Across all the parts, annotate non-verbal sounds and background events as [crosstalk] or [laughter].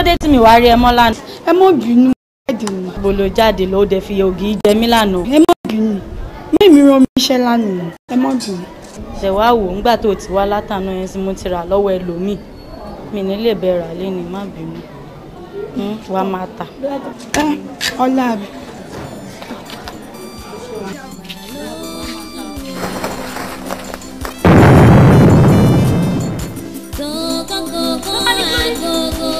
ló dé tí mi wá rí ẹ mọ́ lánàá. ẹ mọ̀ bínú jáde ló jáde ló dé fi ògì jẹ mí lánàá. ẹ mọ̀ bínú mi mi rán mi iṣẹ́ lánàá ẹ mọ̀ bínú. ṣe wò ó ńgbà tó ti wá látànà yẹn sí mo ti rà lọ́wọ́ ẹlòmíì mi ní lè bẹ̀rẹ̀ àlẹ́ ni má bínú hmm, wàá máa tà. go, go, go.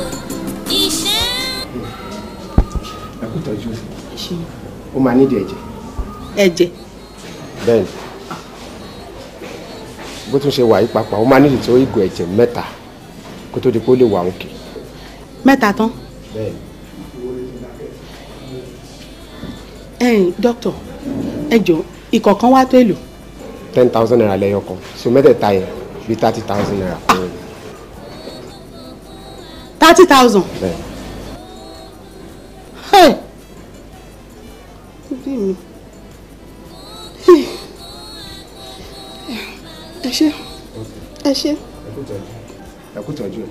tọ́jú sí ó máa nídìí ẹ̀jẹ̀. ẹ̀jẹ̀. bẹ́ẹ̀ bó tún ṣe wà yí papà ó máa nídìí tó ìgò ẹ̀jẹ̀ mẹ́ta kó tó di pé ó lè wà òkè. mẹ́ta tán. bẹ́ẹ̀. ẹ̀yin dókítà ẹ jọ ìkọ̀ọ̀kan wá tó èlò. ten thousand naira lẹ́yọ kan so mẹ́tẹ̀ẹ̀ta yẹn bíi thirty thousand naira kúrò. thirty thousand. bẹ́ẹ̀ sí mi. ẹ ṣé ẹ ṣé. ẹ kú tọ́jú ẹ.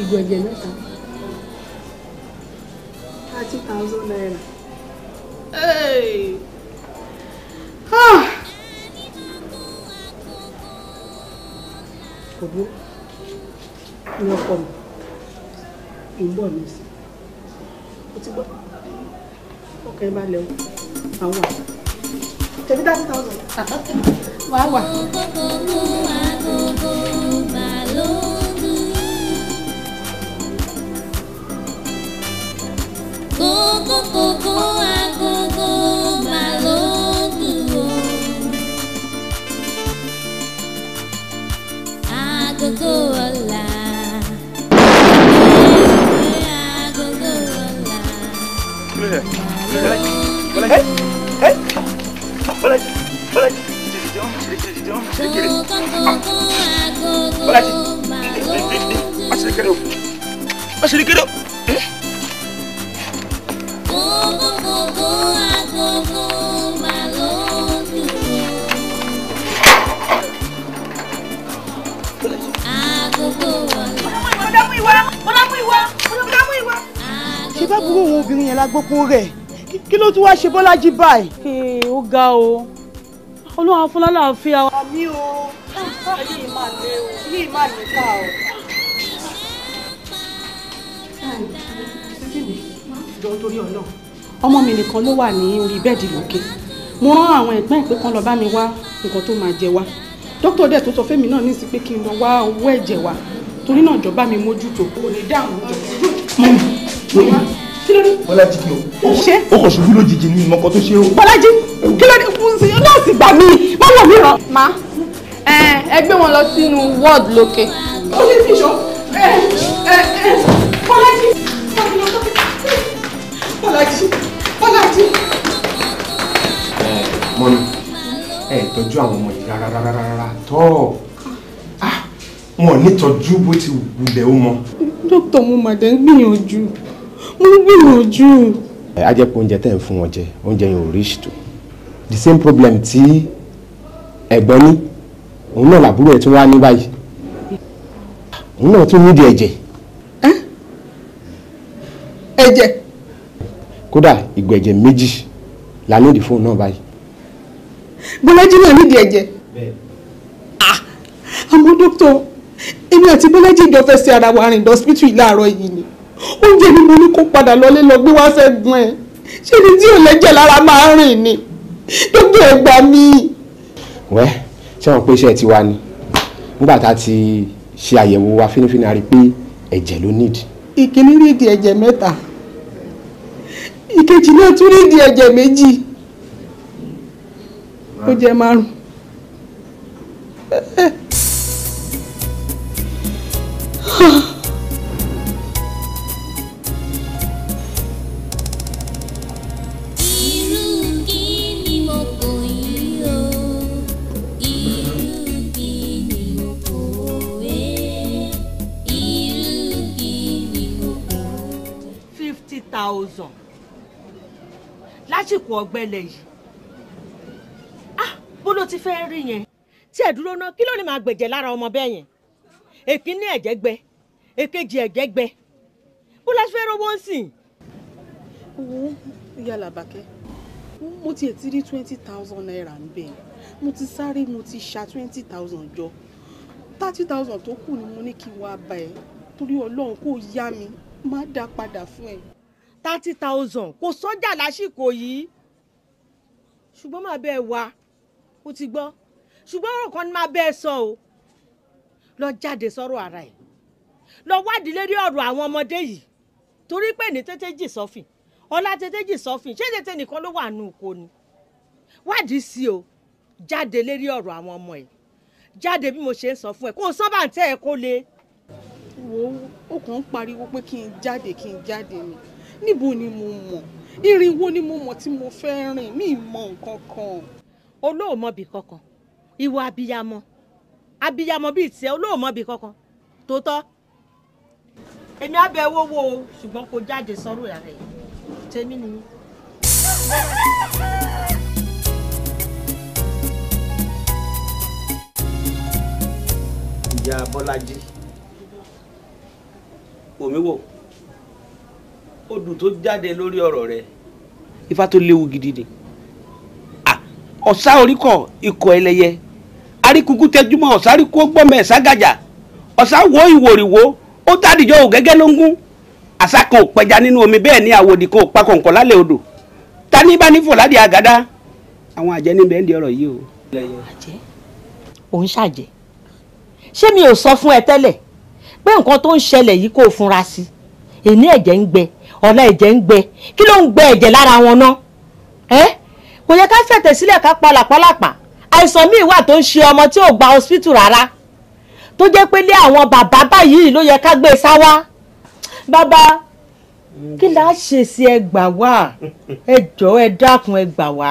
ìgò ẹ̀jẹ̀ mẹ́ta thirty thousand naira. Hey. Ah. Kò dúró. ń bọ̀ nísìn o ti gbọ́ ọkàn ẹ bá lẹ̀ o máa wà go go go go go go go go go ṣe bá burú òun obìnrin yẹn lágbókún rẹ̀ kí ló tún wá ṣe bọ́lájí báyìí. ó ga o olúwa fún lálàáfíà. àmì o ayé ìmà lè o ní ìmà lè ká o. ọmọ mi nìkan ló wà ní orí bẹ́ẹ̀dì lókè mo rán àwọn ẹ̀gbọ́n ìpín kan lọ bá mi wá nǹkan tó máa jẹ wá dókítà dẹ̀ tó sọ fẹ́mi náà nísìsiyìí pé kí n lọ wá owó ẹ̀jẹ̀ wá torí náà jọba mi mójútó. kò ní dáhùn jọ̀ọ́ lórí. bọ́lájí kí o. ṣé o kò ṣubú lójijì ní ìmọ̀kọ tó ṣe o. bọ́lájí kí ló dé náà sì gbà mí má wọ̀ mí ràn. má ẹ gbé wọn lọ sínú ward lókè. ó ní ìṣó ẹ ẹ ẹ bọ́lájí bọ́lájí bọ́lájí. mọ́nú ẹ tọ́jú àwọn ọmọ yìí rárá rárá rárá tọ́ ah, wọn ò ní tọ́jú bó ti wulẹ̀ ó mọ. dókítà mo mà dé ń gbìyànjú. mo gbìyànjú. ẹ á jẹ́ pé oúnjẹ tẹ̀ ń fún wọn jẹ oúnjẹ yẹn ò reach to the same problem tí ẹ̀gbọ́n ní òun náà làbúrò ẹ̀ tún wá ní báyìí òun náà tún nídìí ẹ̀jẹ̀. ẹ̀jẹ̀. kódà ìgò ẹ̀jẹ̀ méjì la nídìí náà báyìí. bọ́lájí náà nídìí ẹ̀jẹ̀. Ah! àmọ́ dókítà èmi àti bọ́lájí ìjọ fẹ́ sí ara wa rìn lọ yìí ni. oúnjẹ ni mo ní kó padà lọlé lọ gbé wá sẹ́gun ẹ̀ ṣé ni tí ò lẹ́jẹ̀ lára máa ń rìn ni dókítà ẹ̀ gbà mí. wẹ́ ṣé wọn pé iṣẹ́ tiwa ni nígbà tá a ti ṣe àyẹ̀wò wa fínífíní a rí i pé ẹ̀jẹ̀ ló níìdì. ìkíní rídìí ẹ̀jẹ̀ mẹ́ta ìkejì náà tún rídìí ẹ̀jẹ̀ méjì ó jẹ́ márùn-ún. Eh, eh. àsìkò ọ̀gbẹlẹ̀ yìí ah bó ló ti fẹ́ rí yẹn tí ẹ̀ dúró ná kí ló lè máa gbẹ̀jẹ̀ lára ọmọ bẹ́ẹ̀ yẹn èkíní ẹ̀jẹ̀ gbẹ èkejì ẹ̀jẹ̀ gbẹ bó la fẹ́ rówó ń sìn. wo yàrá bàkẹ́ mo tiẹ̀ ti rí twenty thousand naira níbẹ̀ mo ti sáré mo ti ṣa twenty thousand jọ thirty thousand tó kù ni mo ní kí n wá bá ẹ torí ọlọ́run kò yá mi má dá padà fún ẹ thirty thousand kò sọ́jà lásìkò yìí ṣùgbọ́n máa bẹ́ẹ̀ wá ó ti gbọ́ ṣùgbọ́n ọ̀rọ̀ kan ní máa bẹ́ẹ̀ sọ o lọ jáde sọ̀rọ̀ ara ẹ̀ lọ wádìí lérí ọ̀rọ̀ àwọn ọmọdé yìí torí pé ní tètè jì sọ́fìn ọ̀la tètè jì sọ́fìn ṣé tètè nìkan ló wà nù kò ní wádìí sí o jáde lérí ọ̀rọ̀ àwọn ọmọ ẹ̀ jáde bí mo ṣe ń sọ fún ẹ kó o sábà ń tẹ́ ẹ kó le. wo ó kàn ń pariwo pé kí n jáde kí n jáde ni níbo ni mo mọ̀ ìrìnwó ni mo mọ̀ tí mo fẹ́ rìn mí mọ̀ nǹkan kan. olóòmọbì kankan ìwà abiyamọ abiyamọ bíi tiẹ olóòmọbì kankan tó tọ́. èmi á bẹ owó o ṣùgbọ́n kò jáde sọ́rọ̀ ìyá rẹ̀ tèmi nìyí. ìyá bọ́lájí omi wò odù tó jáde lórí ọ̀rọ̀ rẹ. ifá tó léwu gidi ni ọ̀sá oríkọ̀ ikọ̀ ẹlẹ́yẹ aríkùkù tẹjúmọ́ ọ̀sá ríkú gbọ́mọ̀ ẹ̀sá gàjà ọ̀sá wo ìwòrìwò ó tàdíjọ́ ò gẹ́gẹ́ ló ń gún àṣà kan ò pẹja nínú omi bẹ́ẹ̀ ni àwòdì kan ò pa kọ̀ǹkọ̀ lálẹ́ odò ta ní bá ní fòládìí àgádá àwọn àjẹ́ níbẹ̀ ń di ọ̀rọ̀ yìí o. àjẹ́ ò ń ṣàjẹ́ ṣé mi ò sọ fún ẹ tẹ́lẹ̀ pé nǹkan tó ń ṣẹlẹ̀ yìí kò funra sí èní ẹ̀jẹ̀ ń gbẹ ọ̀la ẹ̀jẹ̀ ń gbẹ kí ló ń gbẹ ẹ̀jẹ̀ lára wọn ná ẹ kò yẹ ká fẹ̀tẹ̀ sílẹ̀ ká palàpalàpà àìsàn míì wà tó ń ṣe ọmọ tí ò gba hospital rárá tó jẹ́ pé lé àwọn bàbá báyìí ló yẹ ká gbé e sá wá bàbá kí la ṣe sí ẹ gbà wá ẹ jọ̀ọ́ ẹ dákun ẹ gbà wá.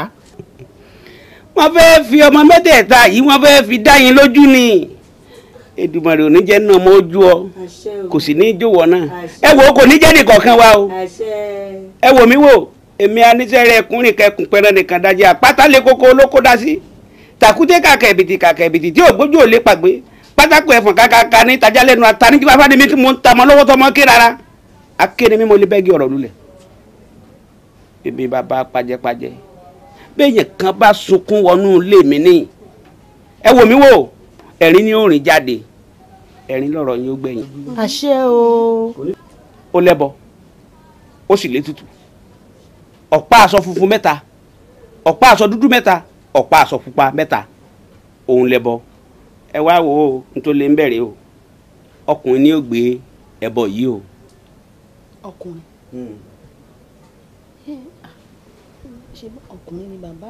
wọ́n fẹ́ẹ́ fi ọmọ mẹ́tẹ̀ẹ̀ta yìí wọ́n fẹ́ẹ́ fi dá yín lójú ni. Èdùmàrè ò ní jẹ́ nínú ọmọ ojú ọ kò sì ní jòwọ́ náà ẹ wò ó kò ní jẹ́ nìkọ̀ọ̀kan wa o ẹ wò mí wò èmi anísẹ́rẹ́ ẹkùnrin kẹkùn pẹ̀rẹ́ nìkan dájẹ́ àpáta lè kókó olóko dá sí tàkúté kàkà èbìtì kàkà èbìtì tí ògbójú ò lè pàgbé pátákó ẹ̀fọ̀n kàkàkà ní tajà lẹ́nu ata ní jípa mi kí mo ń ta ọmọ lọ́wọ́ tọmọ ké rárá akéde mi mo lè bẹ́gi ọ̀rọ̀ lulẹ̀ èmi bàbá pàjẹpàjẹ bẹ́ẹ̀yẹn kan bá sunkún wọnú ilé ní ẹ wò mí wò ẹ̀rín ni ó rìn jáde ẹ̀rín lọ́rọ̀ yín ó gbẹ̀yìn. àṣẹ o. ó lẹ́bọ ó sì létùtù ọ̀pá aṣọ funfun mẹ́ta ọ̀pá aṣọ dúdú mẹ́ta ọ̀pá aṣọ pupa mẹ́ta òun lẹ́bọ ẹ wá wò ó n lè ń bẹ̀rẹ̀ o ọkùnrin ni ó gbé ẹbọ yìí o. ọkùnrin hmm. ṣe ọkùnrin ni bàbá.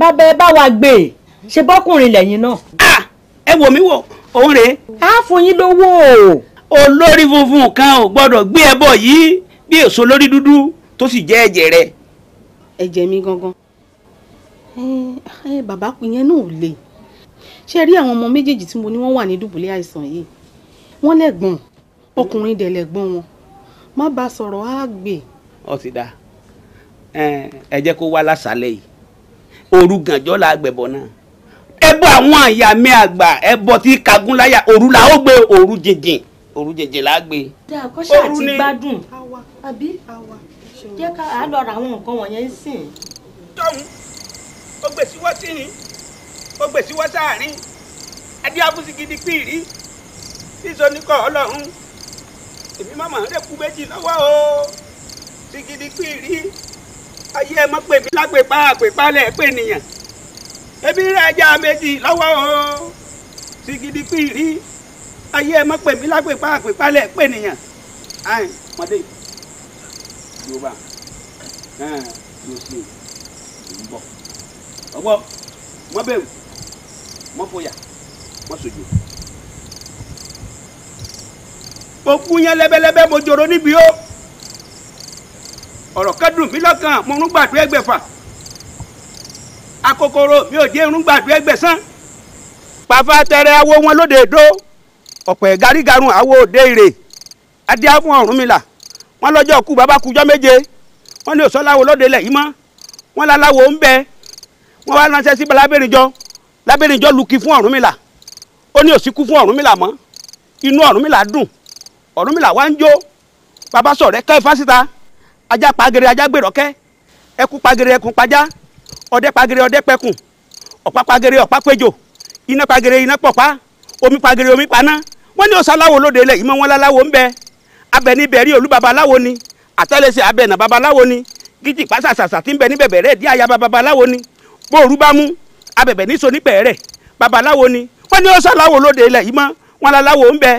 bàbá ẹ bá wa gbé e ṣe bọ́kùnrin lẹ́yìn náà. Ah! ẹ wò mí wò òun a á fún yín lówó olórí funfun kan ò gbọ́dọ̀ gbé ẹbọ yìí bí èso lórí dúdú tó sì jẹ́ ẹ̀jẹ̀ rẹ̀. ẹ̀jẹ̀ mi gangan bàbá ìyẹn náà ò le ṣe rí àwọn ọmọ méjèèjì tí mo ní wọ́n wà ní dùbúlẹ̀ àìsàn yìí wọ́n lẹ́gbọ̀n ọkùnrin dẹ̀ lẹ́gbọ̀n wọn má bá sọ̀rọ̀ á gbè. ó ti dáa ẹ jẹ́ kó wá lásàálẹ̀ yìí òru la gbẹ̀bọ̀ náà ẹbọ àwọn àyà mi àgbà ẹbọ tí kagun láyà òru la ó gbé òru jìnjìn òru jìnjìn la gbé. dáa kọ́ṣà àti gbádùn àbí jẹ́ ká a lọ ra àwọn nǹkan wọ̀nyẹn sìn. tọ́hún ó gbè sí wọ́sí ó gbè sí wọ́sí adé abúsí gidi pìrì sísọ nìkan ọlọ́run èmi má màá rẹ̀ kú méjì lọ́wọ́ o sí gidi pìrì ayé ẹ mọ́ pèmí lágbèpá àpèpá lẹ́ẹ̀pẹ́ nìyẹn ebi rẹ̀ ajá méjì lọ́wọ́ o sigidi pìrì ayé ẹ mọ́ pèmí lápèpá àpèpálẹ̀ pè nìyàn ayin mọ́dé yóò bá yóò sì ń bọ̀ ọgbọ́ mọ́ bẹ̀rù mọ́ fòyà mọ́ sojú òkú yẹn lẹ́bẹ́lẹ́bẹ́ mo jòrò níbi ó ọ̀rọ̀ kẹ́dùn mí lọ́kàn mo ń gbàdúrà ẹgbẹ̀fà akokoro mi ò dé irun gbàdúrà ẹgbẹ̀sán. pàfà tẹrẹ awo wọn lóde èdò ọ̀pẹ̀ gàrígàrún awo òde ìrè adíàfún Ọ̀rúnmìlà wọn lọ́jọ́ ku bàbá kujọ́ méje wọn ní òsọ́láwo lóde ilẹ̀ yìí mọ́ wọn láláwo ń bẹ wọn wá ránṣẹ́ sí lábẹ́rìnjọ lábẹ́rìnjọ luki fún Ọ̀rúnmìlà ó ní òsínkú fún Ọ̀rúnmìlà mọ́ inú Ọ̀rúnmìlà dùn Ọ̀rúnmìlà wá ń jó bàbá sọ̀rẹ́ kẹ́ fásitá ajá pàgẹ́rẹ́ ajá gbèrọ́kẹ́ ẹkú pàgẹ́rẹ́ ẹkú pàjá ọdẹ pagere ọdẹ pẹkùn ọ̀pá pagere ọ̀pá péjò iná pagere iná pọ̀pá omi pagere omi paná wọ́n ní ọ̀sán aláwo lóde ilẹ̀ ìmọ̀ wọn láláwo ń bẹ abẹ níbẹ̀ rí olú babaláwo ni àtẹ́lẹsẹ̀ abẹnà babaláwo ni gidi pásásàsà ti ń bẹ níbẹ̀ bẹ̀rẹ̀ dí àyàbá babaláwo ni bóòrú bá mú abẹ̀bẹ̀ ní sonípẹ̀ rẹ̀ babaláwo ni wọ́n ní ọ̀sán aláwo lóde ilẹ̀ ìmọ̀ wọn láláwo ń bẹ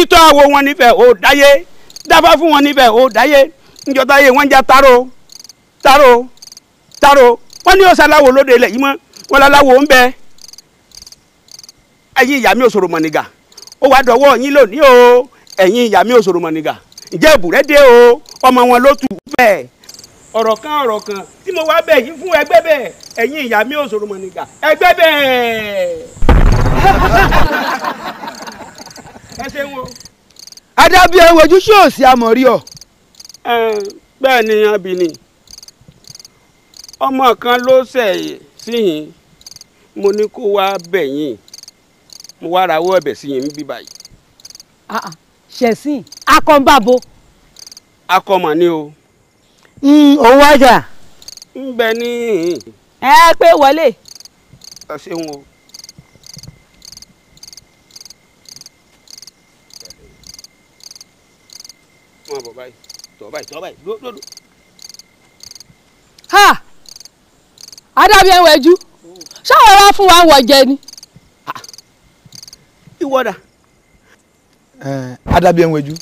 ìtọ́ àwo wọn nífẹ̀ ò dáyé dáfá fún wọn nífẹ̀ ò dáyé níjọ́ táyé wọ́n já taro taro taro wọ́n ní ọ̀sẹ̀ aláwo lóde ilẹ̀ yìí mọ́ wọ́n láláwo ń bẹ ẹ̀yin ìyá mi òṣòro mọ̀nìgà ó wàá dọ̀wọ́ yín lónìí o ẹ̀yin ìyá mi òṣòro mọ̀nìgà ǹjẹ́ ìbùrẹ́ dé o ọmọ wọn ló tù bẹ́ẹ̀ ọ̀rọ̀ kan ọ̀rọ̀ kan tí mo wá bẹ̀ yín fún ẹgbẹ́ bẹ́ẹ̀ ẹ̀yin ìyá mi òṣòro mọ̀nìgà ẹgbẹ́ bẹ́ẹ̀. [laughs] ẹ ṣeun o. adábíyẹ wojú ṣòòṣì amọ̀rí ọ. bẹ́ẹ̀ ni abìnrin ọmọ kan ló ṣẹ̀ síyìn mo ní kó wá bẹ̀ yín mo wá rawọ́ ẹ̀bẹ̀ síyìn níbí báyìí. Ah, ah, ṣẹ̀sìn akọ́ńbàbò. akọ́mọ̀ ni o. òun wájà. ń bẹ ní. ẹ pé wọlé. ẹ ṣeun o. wọn bọ báyìí tọ báyìí tọ báyìí dúró adábí ẹ̀wọ̀n ẹ̀jú ṣáwọn wá fún wa ń wọ̀jẹ ni. ìwọ́dà. adábí ẹ̀wọ̀n ẹ̀jú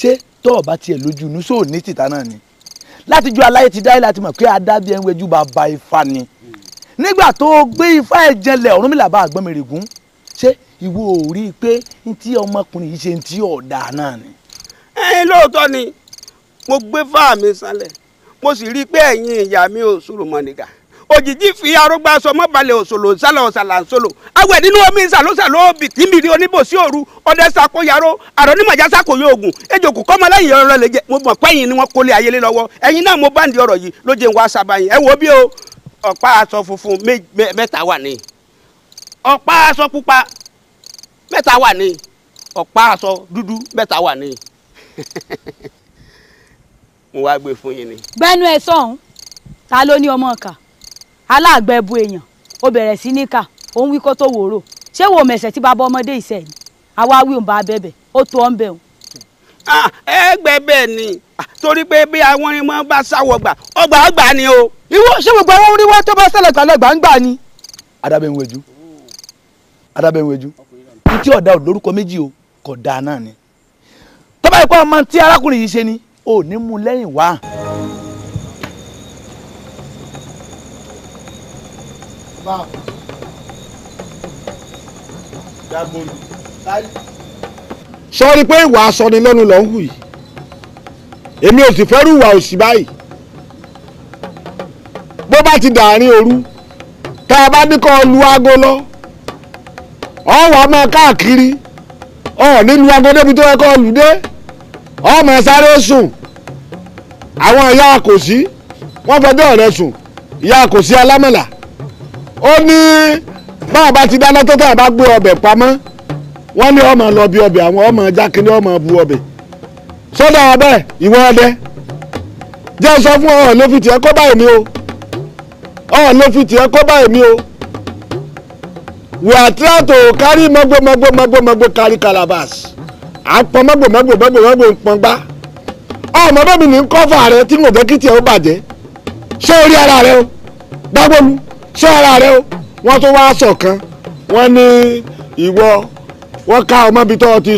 ṣé tọ́ọ̀ bá tiẹ̀ lójú inú sóò ní tìta náà ni láti ju aláyé ti dáyé láti mọ̀ pé adábí ẹ̀wọ̀n ẹ̀jú bàbá Ifá ni nígbà tó gbé Ifá ẹ̀ jẹlẹ̀ Ọ̀rúnmìlà bá Àgbọnmìrègún ṣé ìwọ ò rí i pé ntí ọmọkùnrin yìí ṣe ntí ọ̀dà náà ni. ẹ lóòótọ́ ni mo gbé fáàmì sálẹ̀ mo sì rí i pé ẹ̀yin ìyá mi ò sùrù mọ́ nìkan òjijì fi arúgbó aṣọ mọ́balẹ̀ òṣòlò ńsálà ọ̀sàlà ńsòlò awẹ̀ nínú omi ńsàlóṣàló òbí tìmìrì oníbòsí òru ọdẹ sakoyaro àrọ ní màjá sakoyo ogun ejòkù kọ́mọ lẹ́yìn ọ̀rọ̀ lè jẹ mo mọ̀ pẹ́yìn ni wọ́n kólé ayélé lọ́wọ́ ẹ̀yin náà mo bá ń di ọ̀rọ̀ yìí ló jẹ́ ń wá ẹ o mo wá gbé fún yín ni. gbẹ́nu ẹ sọ̀hún ta ló ní ọmọ kà aláàgbẹ̀bu èèyàn ó bẹ̀rẹ̀ sí ní kà ó ń wí kó tó wòrò ṣé wo mẹ̀sẹ̀ tí bàbá ọmọdé ìṣẹ̀ ni àwa wí òun bá bẹ̀bẹ̀ ó tó ọ́ ń bẹ̀ òun. ẹgbẹ́ bẹ́ẹ̀ ni torí pé bí àwọn orin bá sáwọ̀ gbà ọgbà ọgbà ni o. ìwọ ṣé gbogbo àwọn orin wa tó bá ṣẹlẹ̀ gbàlẹ̀ gbà ni. adábẹ́nwéjú adábẹ́nwéjú ní tí ọ̀dà òdorúkọ méjì o kò dáa náà ni tọ́ba ìpá ọmọ tí arákùnrin yìí ṣe ni ò ní mú lẹ́yìn wá. sọ rí pé ìwà aṣọ ni lọ́nu lọ́n hù yìí èmi ò sì fẹ́rù ìwà òsì báyìí bó bá ti dàárín òru tá a bá ní kó lu aago lọ ọ̀wọ́ máa káàkiri ọ̀ nílùú aago débi tó yẹ kó lù dé ọmọ sáré sùn àwọn ìyá kò sí wọ́n fẹjọ́ rẹ̀ sùn ìyá kò sí alámọ̀là ó ní báwa bá ti dáná tó tàbí bá gbé ọbẹ̀ pamọ́ wọ́n ní ọmọ lọ bí ọbẹ̀ àwọn ọmọ jákèjì ọmọ bu ọbẹ̀ sọ́dà ọbẹ̀ ìwọ ọdẹ jẹ́ sọ fún ọ̀hún ló fi tiẹ̀ kó báyìí mi o ọ̀hún ló fi tiẹ̀ kó báyìí mi o we are trying to carry magbo magbo magbo magbo carry calabas. à ń pọn mọ́gbò mọ́gbò mọ́gbò mọ́gbò ń mi ní mo ara rẹ o gbàgbọ́ mi ara rẹ o wọ́n tó wá sọ̀kan wọ́n ní ìwọ wọ́n ka ọmọ ibi tó ti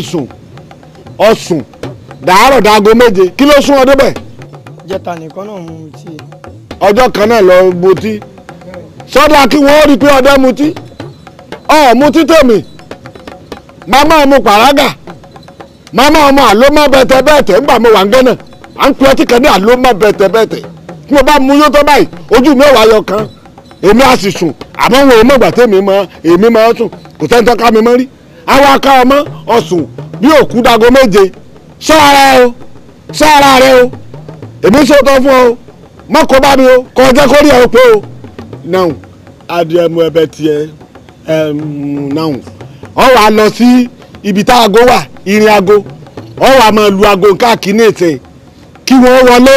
ọ sùn ọ débẹ̀. jẹta nìkan náà mu tí. ọjọ́ kan náà lọ mutí sọ́dà kí wọ́n pe i pé ọdẹ mutí ọ̀ mutí tèmi màmá mu pàrágà màmá ọmọ àló má bẹ̀tẹ̀ bẹ̀tẹ̀ ńgbà mo wà ń gánà à ń pe ọtí kan ní àló má bẹ̀tẹ̀ bẹ̀tẹ̀ tí mo bá mu yó tó báyìí ojú mi ò wá yọ kan èmi á sì sùn àmọ́ wọn ò mọ̀ gbà tẹ́mi èmi máa sùn kò sẹ́ni tó ká mi mọ́ rí àwọn aká ọmọ ara o sọ ara rẹ o èmi sọ tọ́ fún ọ bá mi o kọ́ o pé o ọ wà lọ ibi tá a ìrìn aago ọwọ́ a máa lu aago káàkiri ètè kí wọ́n wọlé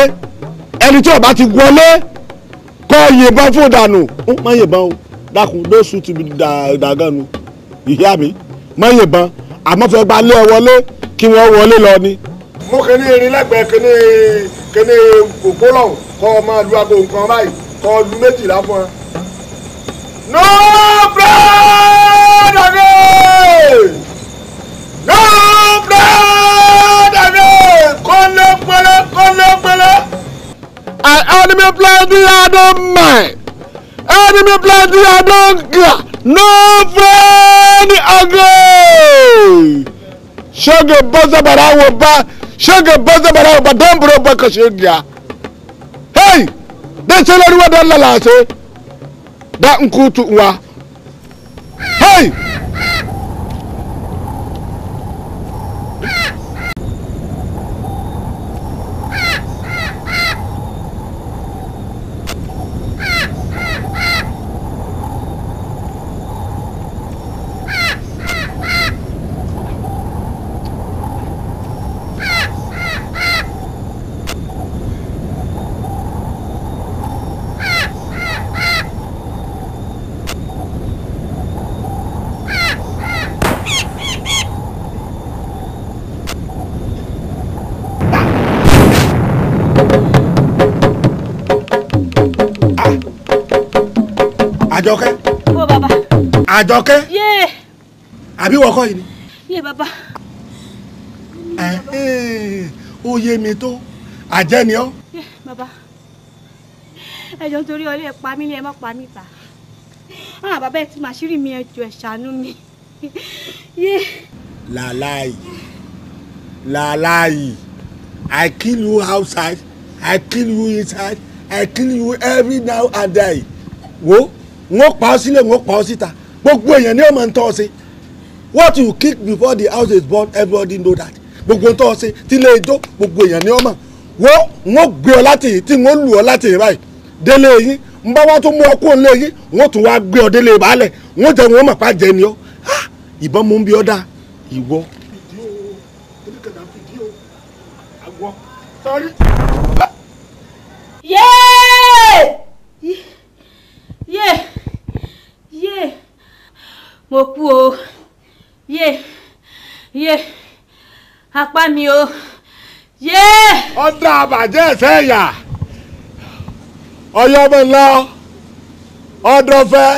ẹni tí ó ti wọlé kọ́ yìnbọn fún dànù ó má yìnbọn o dákun lóṣù ti dàgán nu ìyá mi má yìnbọn àmọ́ fẹ́ gba lé ẹ wọlé kí wọ́n wọlé lọ ni. mú kíní erin lẹ́gbẹ̀ẹ́ kíní kíní òpólọ̀ kọ́ ọ máa lu aago nǹkan báyìí kọ́ ọ lu méjìlá fún ọ. no problem. and enemy plenty I don't mind. Enemy plenty I don't care. No friend again. Sugar buzzer but I will buy. Sugar buzzer but I will buy. Don't blow back a sugar. Hey! Dan sai ruwa don lalace. Da in kutu uwa. Hey! àjọkẹ́ àbí wọ́kọ́ yìí ni. yé bàbá. Eh, eh, ó yé mi tó àjẹ́ ni ọ́. bàbá ẹjọ́ nítorí ọlé ẹ̀ pa mí ni ẹ má pa mí ta àwọn ah, bàbá ẹ ti máa ṣírí mi ẹjọ́ ẹ ṣàánú mi. làláì làláì I kill you outside I kill you inside I kill you every now and then wo wọ́n pa ọ́ sílẹ̀ wọ́n pa ọ́ síta. Si gbogbo èèyàn ní ọmọ ntọ́ ṣe what you kick before the house is born everybody know that gbogbo ntọ́ ṣe tí ilé ijó gbogbo èèyàn ní ọmọ wọ́n wọ́n gbé ọ láti yìí tí wọ́n lù ọ láti yìí báyìí délé yín n bá wọn tún mú ọkọ ńlẹ yín wọ́n tún wá gbé ọ délé ìbálẹ̀ wọ́n jẹ wọn mọ̀ pa jẹ ni ọ ìbọn mú bí ọ dá ìwọ. Sorry. mo kú o yé yé apá mi o yé. ọ̀dà àbàjẹ́ ẹ̀sẹ̀ ẹ̀yà ọ̀yọ́ ọmọ ńlá ọ̀dọ̀fẹ́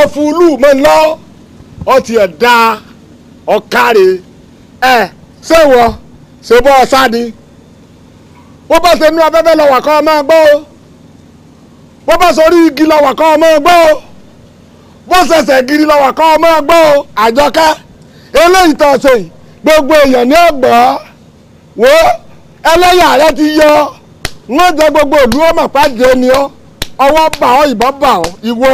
ọ̀fúlù mọ̀ ńlá ọ̀tí ẹ̀dá ọ̀kárẹ̀ ẹ̀ ṣéwọ̀ ṣèbọ̀ ọ̀sádi wọ́n bá ṣe nú afẹ́fẹ́ lọ́wọ́ kọ́ ọ máa gbọ́ wọ́n bá sọ orí igi lọ́wọ́ kọ́ ọ máa gbọ́. bó sẹsẹ giri lọ́wọ́ kọ́ ọmọ ọgbọ́n o àjọkẹ́ eléyìí tó ṣe gbogbo èèyàn ní ọgbọ́n wo ẹlẹ́yà ààrẹ ti yọ wọ́n jẹ gbogbo ìlú ọmọ pàdé ni ọ ọwọ́ bà ọ ìbọn bà ọ ìwọ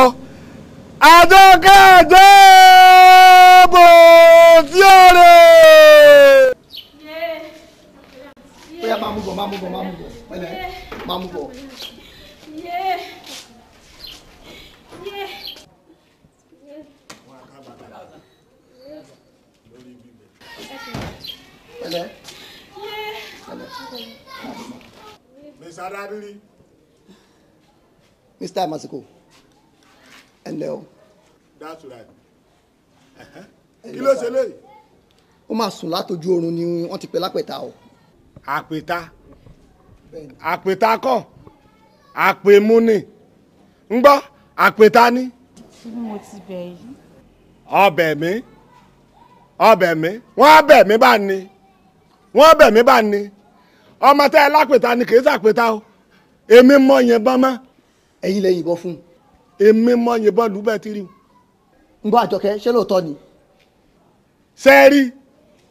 pẹ̀lẹ́ pẹ̀lẹ́. mr adadiri. mr masiko ẹ ǹlẹ́ o. that's right. kí ló ṣe léyìí. ó máa sùn látọjú oorun ni wọ́n ti pè lápẹ̀ta o. àpẹta àpẹta kọ́ àpèmú ni ń gbọ́ àpẹta ni. mo ti bẹ̀ yìí. ọbẹ̀ mi ọbẹ̀ mi wọ́n á bẹ̀ mí bá ní wọ́n á bẹ̀ mí bá ní ọmọ tẹ́ ẹ lápẹ̀ta ni kì í sàpẹ̀ta o èmi mọ yìnbọn mọ́. ẹ̀yin lè yìnbọn fún un. èmi mọ yìnbọn lùbẹ́ tìrì. ń gbọ́ àjọkẹ́ ṣé lóòótọ́ ni. sẹ́ẹ̀rí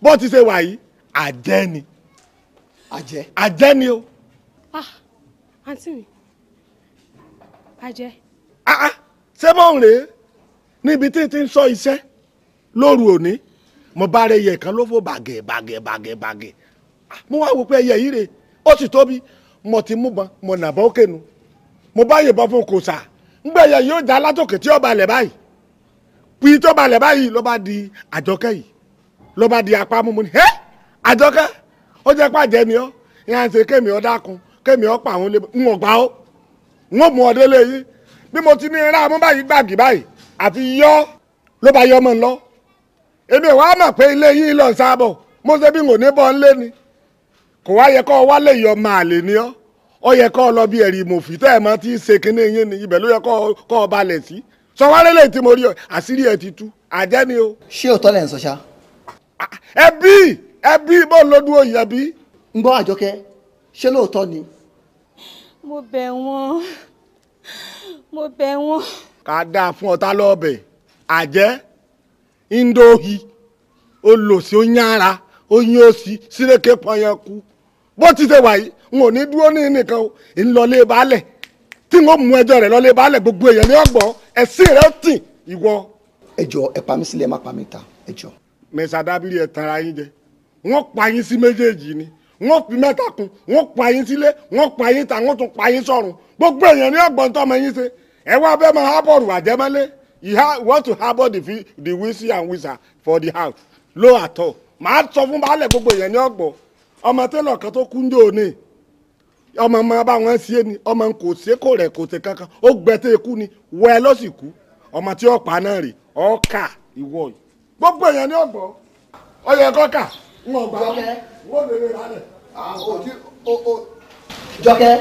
bó ti ṣe wà yìí àjẹ́ ni. àjẹ́. àjẹ́ ni o. ah àǹtí mi àjẹ́. ah ah ṣé mọ̀ ń rèé níbi tí n ti ń sọ iṣẹ́ lóru òní. mo bá rẹ ẹyẹ kan ló fò bàgẹ bàgẹ bàgẹ bàgẹ ah, mo wá wò pé ẹyẹ yìí rè ó sì tóbi mo ti mú bọn mo nà bọ́ òkè nu mo bá yìnbọn fún kò sà ngbẹ ẹyẹ yóò dá látòkè tí ó balẹ̀ báyìí tó báyìí ló bá di àjọkẹ́ yìí ló di apá mú ni ẹ́ àjọkẹ́ ó jẹ́ pàjẹ́ mi ọ ìyá ṣe kémi ọ dákun kémi ọ́ pa àwọn olè ń gbà ó ń mú ọdẹ bí mo ti ní ra báyìí gbàgì lọ. èmi ò wá mọ̀ pé ilé yìí lọ sábọ̀ mo ṣe bí n ò ní bọ́ ńlé ni kò wá yẹ kó o wálé yìí ọmọ àlè ni ọ́ ọ yẹ kó o lọ bí ẹ̀rì mòfì tẹ́ ẹ̀ mọ́ tí í ṣe kínní yín ni ibẹ̀ ló yẹ kó o balẹ̀ sí sọ wálé lè ti mo rí ọ àṣírí ẹ ti tú àjẹ́ ni o. ṣé òótọ́ lẹ̀ ń sọ ṣá. ẹbí ẹbí bó ló dúró yẹ bí. ń gbọ́ àjọkẹ́ ṣé lóòótọ́ ni. mo bẹ̀ wọ́n mo bẹ̀ wọ́n. ká dáa fún ọ̀tá lọ́ọ̀bẹ̀ àjẹ́ ndohi olòsì onyára oyin òsì sírèké pọnyanku bó ti ṣe wàyí n ò ní dúró ní nìkan o ńlọlé baálẹ̀ tí n ò mú ẹjọ́ rẹ̀ lọlé baálẹ̀ gbogbo èèyàn ní ọgbọ́n ẹ̀sìn rẹ̀ tì ìwọ. ẹ jọ ẹ pa mí sílẹ̀ ẹ má pa mí ta ẹ jọ. mẹsà dábìrì ẹ tanra yín jẹ wọn pa yín sí méjèèjì ni wọn fi mẹ́ta kun wọn pa yín sílé wọn pa yín ta wọn tún pa yín sọ́run gbogbo èèyàn ní ọgbọ́n tọmọ yín ṣe ẹ wá bẹ́ẹ̀ máa hábọ̀rù àjẹmọ́lé you ha want to harbour the, the and wizard for the house lo àtọ̀ màá sọ fún baálẹ̀ gbogbo yẹn ní ọgbọ ọmọ tẹ́lọ̀ kan tó kú ń òní ọmọ ọmọ bá wọn ṣe ni ọmọ kò ṣe kò rẹ kò ṣe kankan ó gbẹ̀tẹ̀ ikú ni ẹ lọ́sì kú ọmọ tí ọ̀pá náà rè ọ̀ọ́kà ìwọ yìí gbogbo yẹn ní ọ̀gbọ̀ ọyọ ẹ̀kọ́ kà ń ọ̀gbà wọn lè rà lẹ̀. jọkẹ́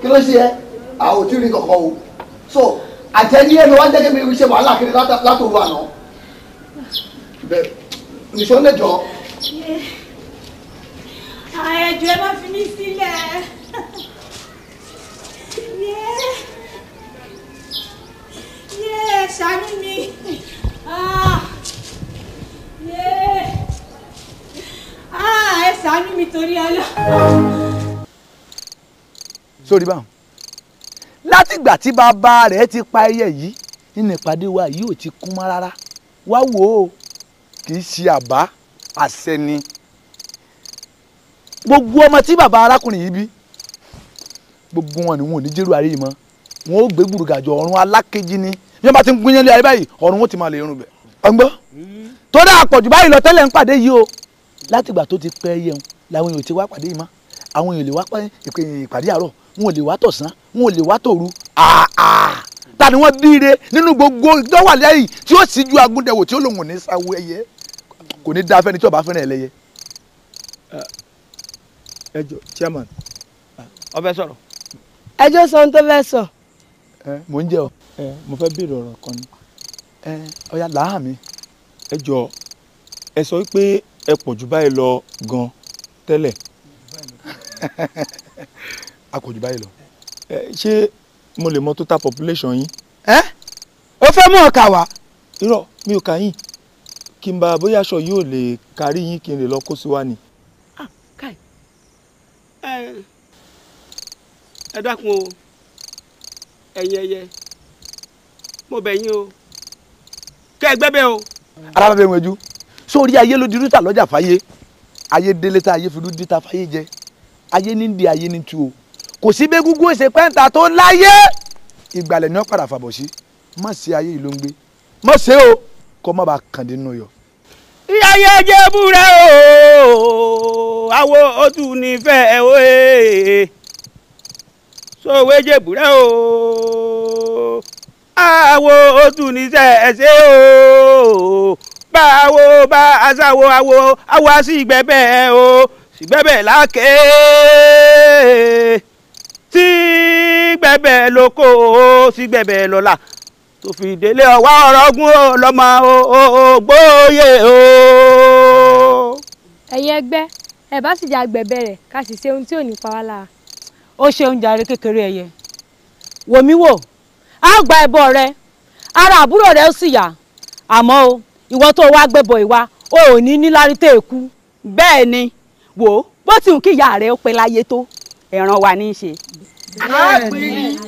kí ló ṣe kankan o so àtẹ̀yìn ẹni wá ń jẹ́ kí mi ṣe wàhálà kiri látòru àná nìṣó lè jọ. ẹjọ́ ẹ má fi mí sílẹ̀ yé ṣàánú mi ẹ ṣàánú mi torí ọlọ́. sórí báwọn látìgbà tí bàbá rẹ̀ ti pa ẹyẹ yìí nínú ìpàdé wa yìí ò ti kún mọ́ rárá wá wò ó kì í ṣe àbá àṣẹ ni gbogbo ọmọ tí bàbá arákùnrin yìí bí gbogbo wọn ni wọn ò ní jẹ́rú àríyìn mọ́ wọn ò gbé gbùrùgàjọ ọ̀run alákejì ni bí wọ́n bá ti ń gbúyán lé ayé báyìí ọ̀run ó ti máa lè rún bẹ̀. ọgbọ́n tó dáa pọ̀jù báyìí lọ tẹ́lẹ̀ ń pàdé yìí o látìgbà tó ti pẹ́ yẹun làwọn èèyàn ti wá pàdé yìí mọ́ àwọn èèyàn lè wá ìpàdé àárọ̀ wọn ò lè wá tọ̀sán wọn ò lè wá tòru ta ni wọ́n díire nínú gbogbo dọ́wà lẹ́yìn tí ó sì ju agúndẹ̀wò tí ó lòun ò ní sáwó ẹyẹ kò ní dáa fẹ́ni tí ọba fẹ́ràn ẹlẹ́yẹ. ẹ chairman ó fẹ́ sọ̀rọ̀. sọ ohun tó fẹ́ sọ. mò ń jẹ ọ. mo fẹ́ béèrè ọ̀rọ̀ kan ni. ọya làá mi. ẹ ẹ sọ pé ẹ pọ̀ jù báyìí lọ gan-an tẹ́lẹ̀. a kò jù báyìí lọ ṣé mo lè mọ total population yín. ẹ o fẹ́ mú ọkà wá. irọ́ mi ò kà yín kí n bá bóyá aṣọ yìí ò lè kárí yín kí n lè lọ kó sí wa ni. Ah, ẹ dákun o ẹ̀yin ẹyẹ mo bẹ̀ yín o kẹ́ ẹ gbẹ́bẹ̀ o. arábà bẹ́ẹ̀ wẹ̀jú sórí ayé ló di rúta lọ́jà fáyé ayé délé tá ayé fi rú dí ta fáyé jẹ ayé ní di ayé ní tu o kò sí bẹ́gúngún èsè pẹ́ǹta tó láyé ìgbàlẹ̀ ni wọ́n padà fàbọ̀ sí má ṣe ayé yìí ló ń gbé má ṣe o kọ́ má ba kàndé nínú yọ. ìyáyé jẹ́ o àwo ojú nífẹ̀ẹ́ o sọ̀wé jẹ́ o àwo ojú nífẹ̀ẹ́ ṣe o báwo bá aṣáwo àwo àwo àṣìgbẹ́bẹ́ o ṣìgbẹ́bẹ́ láàkè tí gbẹ̀bẹ̀ lóko sí gbẹ̀bẹ̀ lọ́la tó fi délé ọ̀wá ọ̀rọ̀gún ọlọ́mọ ògbóyè o. ẹ̀yin ẹgbẹ́ ẹ bá sì já gbẹ̀bẹ̀ rẹ̀ ká sì ṣe ohun tí ò ní pa wá lára. ó ṣe oúnjẹ àárẹ̀ kékeré ẹ̀yẹ wòmí wò á gba ẹbọ rẹ ara àbúrò rẹ ó sì yà àmọ́ o ìwọ tó wá gbẹbọ ìwà o ò ní nílárí tẹ́ ẹ kú. bẹ́ẹ̀ ni wò bó ti hùn kí ìyá rẹ ó pẹ́ láyé tó ẹ̀ràn wa ní í ṣe. a pín ní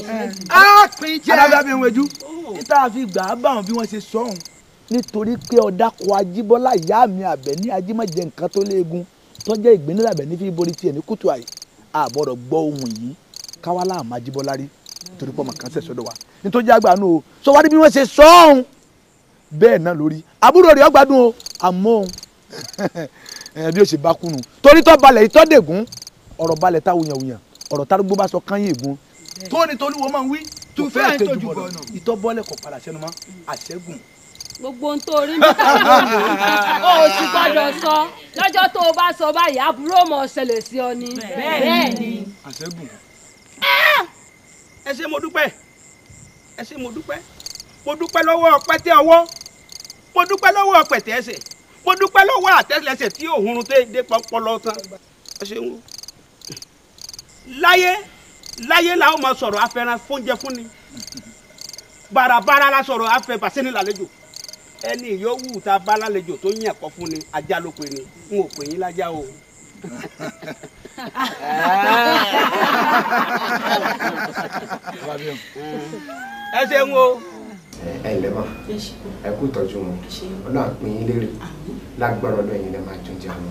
a pín jẹ́ alábàbí ìwẹ̀jú níta fi gbà á bá wọn bí wọ́n ṣe sọ ọ̀hún. nítorí pé ọ̀dàkọ̀ ajíbọ́lá ìyá mi àbẹ̀ ní ajímọ̀jẹ̀ nǹkan tó léegun tọ́jẹ́ ìgbéni làbẹ̀ ní fi borí tiẹ̀ ní kùtù àyè àbọ̀rọ̀ gbọ́ ohun yìí káwá láàmú ajíbọ́lá rí nítorí pọ́ọ̀mù kan ṣẹ̀ sọ́dọ̀ wa nítorí àgbàánu o sọ wá ní bí wọ́n ṣe sọ ọ̀hún bẹ́ẹ̀ náà lórí àbúrò rẹ̀ ọgbádùn o àmọ́ [laughs] bí ó ṣe bá kúnnù torí tó balẹ̀ ìtọ́dẹ̀gún ọ̀rọ̀ balẹ̀ tá wùyànwùyàn ọ̀rọ̀ tárúgbó bá sọ kányé ègún tóní tolúwo máa ń wí tó fẹ́ àìtójú bọ̀ náà ìtọ́bọ́lẹ̀ kọ̀ padà sẹ́nu mọ́ àṣẹ́gùn gbogbo ohun tó rí níta lónìí o sì gbọ́dọ̀ sọ lọ́jọ́ tó o bá sọ báyìí àbúrò mọ ṣẹlẹ̀ sí ọ ni. bẹ́ẹ̀ ni. àṣẹ́gùn. Ah! ẹ ṣé mo dúpẹ́ ẹ ṣé mo dúpẹ́ mo dúpẹ́ lọ́wọ́ pẹ́tẹ́ ọwọ́ mo dúpẹ́ lọ́wọ́ pẹ̀tẹ́ ẹsẹ̀ mo dúpẹ́ lọ́wọ́ àtẹ́lẹsẹ̀ tí òhun tó dé pọpọlọ tán. ẹ ṣeun láyé láyé la ó máa sọ̀rọ̀ afẹ́ran fóúnjẹ fún ni bàràbàrà la sọ̀rọ̀ afẹ́ bàṣẹ́ni làlejò ẹni ìyówù tá a bá lálejò tó yàn kọ́ fún ni ajá ló pe ni n ò pè yín lájá o. ẹ ṣeun o. ẹ ǹlẹ́ mọ́ ẹ kú ìtọ́jú wọn ọlọ́run pín in lérè lágbára ọlọ́yin lẹ́ máa jẹun jẹun.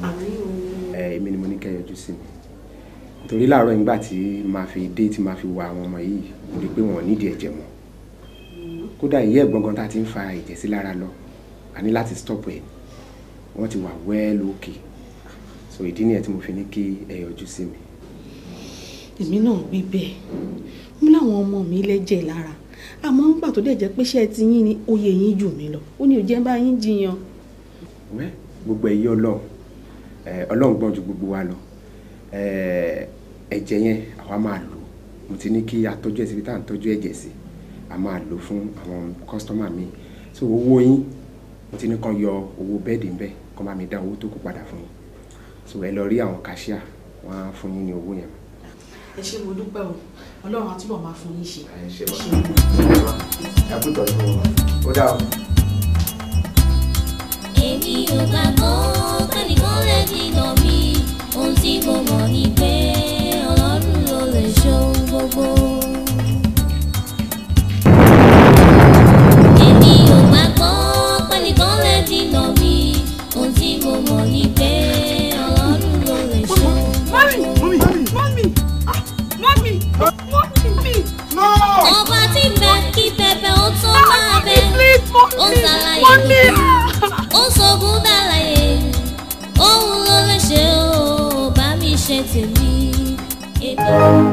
èmi ni mo ní kẹ́ ẹ sí mi torí láàárọ̀ nígbà tí màá fi dé tí màá fi wà àwọn ọmọ yìí mo rí i pé wọ́n nídìí ẹ̀jẹ̀ mọ́ mm-hmm. kódà ìyẹ́ ẹ̀gbọ́n gan ta ti ń fa ẹ̀jẹ̀ sí lára lọ a ní láti stop ẹ̀ wọ́n ti wà well okay so ìdí nìyẹn tí mo fi ní kí ẹ yọjú sí mi. èmi náà wí bẹ́ẹ̀ mú láwọn ọmọ mi lẹ́jẹ̀ lára àmọ́ ń gbà tó dẹ̀ jẹ́ pé ṣé ti yín ni oyè yín jù mí lọ ó ní ò bá yín jiyàn. wẹ́ gbogbo ẹ̀yẹ ọlọ́run ọlọ́run gbọ́n ju gbogbo wa lọ Eh, ẹ̀jẹ̀ yẹn àwa máa lò mo ti ní kí a ẹ̀ síbi tá à ń tọ́jú ẹ̀jẹ̀ sí a máa lò fún àwọn kọ́sítọ́mà mi so owó yín mo ti ní kàn yọ owó bẹ́ẹ̀dì ń kàn bá mi dá owó tó kù padà fún yín so ẹ lọ rí àwọn kàṣíà wọn á fún yín ní owó yẹn. ẹ ṣé mo dúpẹ́ o ọlọ́run àtúbọ̀ máa fún yín ṣe. ẹ ṣé wọn ẹ kú tọ́jú wọn ó dá o. èmi ò gbàgbọ́ kánìkan lẹ́ni lọ mí ohun tí mo mọ̀ ni pé ọlọ́run ló lè ṣe ohun gbogbo.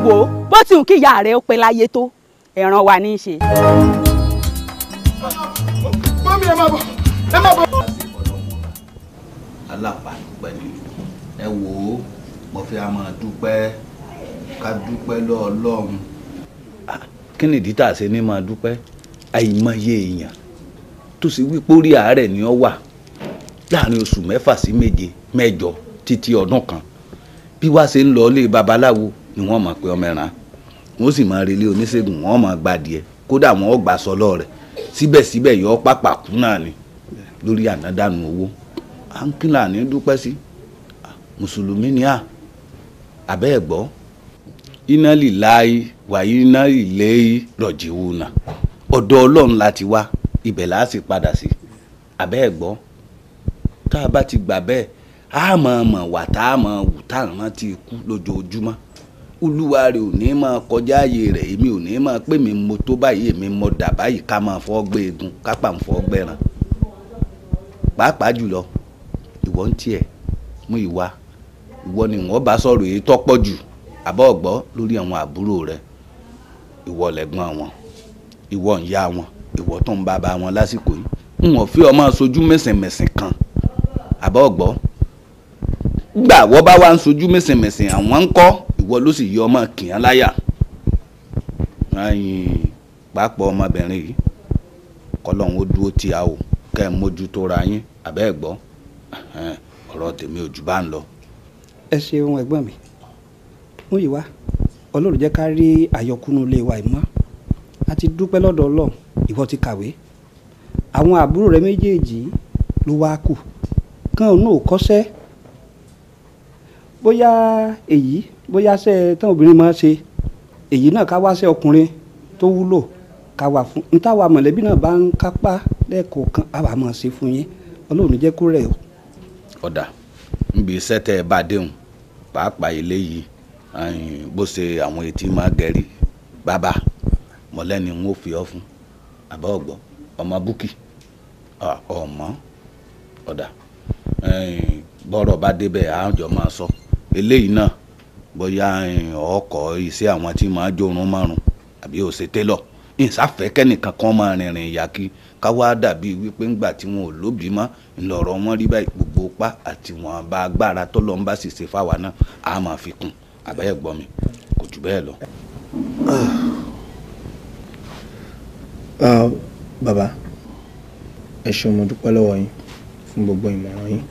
wò bó ti hùn kí ìyá rẹ ó pe láyé tó ẹ̀ràn wà ní í ṣe. mọ́mí ẹ máa bọ̀ ẹ máa bọ̀. alápàdúpẹ́ ni ẹ wò ó mo fi àmọ́ dúpẹ́ ká dúpẹ́ lọ́ọ̀lọ́run. kí ni ìdí tá a ṣe ní máa dúpẹ́ àìmọye èèyàn tó sì wí pórí àárẹ̀ ni ó wà láàrin oṣù mẹ́fà sí méje mẹ́jọ títí ọdún kan bí wàá ṣe ń lọ ilé babaláwo ni wọ́n máa pe ọmọ ẹran wọ́n sì máa relé oníṣègùn wọ́n máa gba adìẹ kódà wọ́n gbà sọlọ rẹ̀ síbẹ̀síbẹ̀ yọ pápá kú náà ni lórí ànádànù owó à ń kí lànà dúpẹ́ sí mùsùlùmí ni à àbẹ́ ẹ̀ gbọ́ iná lì láàyè wàyí iná ilé rọ̀jìwò náà ọ̀dọ̀ ọlọ́run la ti wá ibẹ̀ la sì padà sí àbẹ́ ẹ̀ gbọ́ tá a bá ti gbà bẹ́ẹ̀ a máa wà tá a máa wù tá a rántí ikú lójoojúmọ́ olúwa rẹ̀ ò ní máa kọjá ààyè rẹ̀ èmi ò ní máa pè mí mo tó báyìí èmi mo dà báyìí ká máa fọ́ gbé egun ká ń fọ́ gbẹ̀ràn pàápàá jùlọ ìwọ ń tiẹ̀ mú ìwà ìwọ ni wọ́n bá sọ̀rọ̀ èyí tọ́pọ̀ jù àbọ̀ ọ̀gbọ́ lórí àwọn àbúrò rẹ̀ ìwọ lẹ́gbọ́n wọn ìwọ ń yá wọn ìwọ tó ń bàbá wọn lásìkò yìí n ò fi ọmọ sojú mẹ̀sìnmẹ̀sìn kan àbọ̀ ọ̀gbọ́ gbà wọ́n bá wá ń sojú mẹ̀sìnmẹ̀sìn àwọn ń kọ́ ìwọ ló sì yọ ọmọ kìyàn láyà pàápàá ọmọbìnrin yìí kọlọ́hún ó dúró tí a ò kẹ́ ẹ̀ mójútó ra yín àbẹ́ ẹ̀ gbọ́ ọ̀rọ̀ tèmi ò jù bá ń lọ. ẹ ṣeun ẹ̀gbọ́n mi mú yìí wá ọlọ́run jẹ́ ká rí àyọkúnú ilé wa ìmọ̀ a ti dúpẹ́ lọ́dọ̀ ọlọ́run ìwọ ti kàwé àwọn àbúrò rẹ méjèèjì ló wá kù kán òun náà kọ́ṣẹ́ bóyá èyí bóyá sẹ tán obìnrin máa ṣe èyí náà ká wá sẹ ọkùnrin tó wúlò ká wà fún un táwa mọ̀lẹ́bí náà bá ń kápá lẹ́ẹ̀kọ̀ọ̀kan àwa máa ṣe fún yín ọlọ́run jẹ́ kó rẹ̀ o. ọ̀dà níbi iṣẹ́ tẹ́ ẹ bá déhùn pàápàá eléyìí bó ṣe àwọn etí máa gẹ̀rí bàbá mọ̀lẹ́ni ń fi ọ́ fún àbá ọ̀gbọ́ ọmọ búkì ọmọ ọ̀dà bọ́rọ̀ bá débẹ̀ àjọ máa sọ. So eléyìí náà bóyá eh, ọkọ̀ iṣẹ́ àwọn tí máa jórun márùn àbí ó ṣe télọ̀ ìsàfẹ́ kẹ́nìkan kan máa rìnrìn ìyàkí káwá dàbí wípé ńgbà tí wọn ò lóbi mọ́ ńlọrọ̀ wọn rí báyìí gbogbo pa àti wọn bá agbára tọ́lọ́ bá sì ṣe fáwa náà a máa fi kún àbẹ́yẹ̀ gbọ́ mi kò jù bẹ́ẹ̀ lọ. Ah, ah, bàbá ẹ ṣeun mo dúpẹ́ lọ́wọ́ yín fún gbogbo ìmọ̀ràn yín.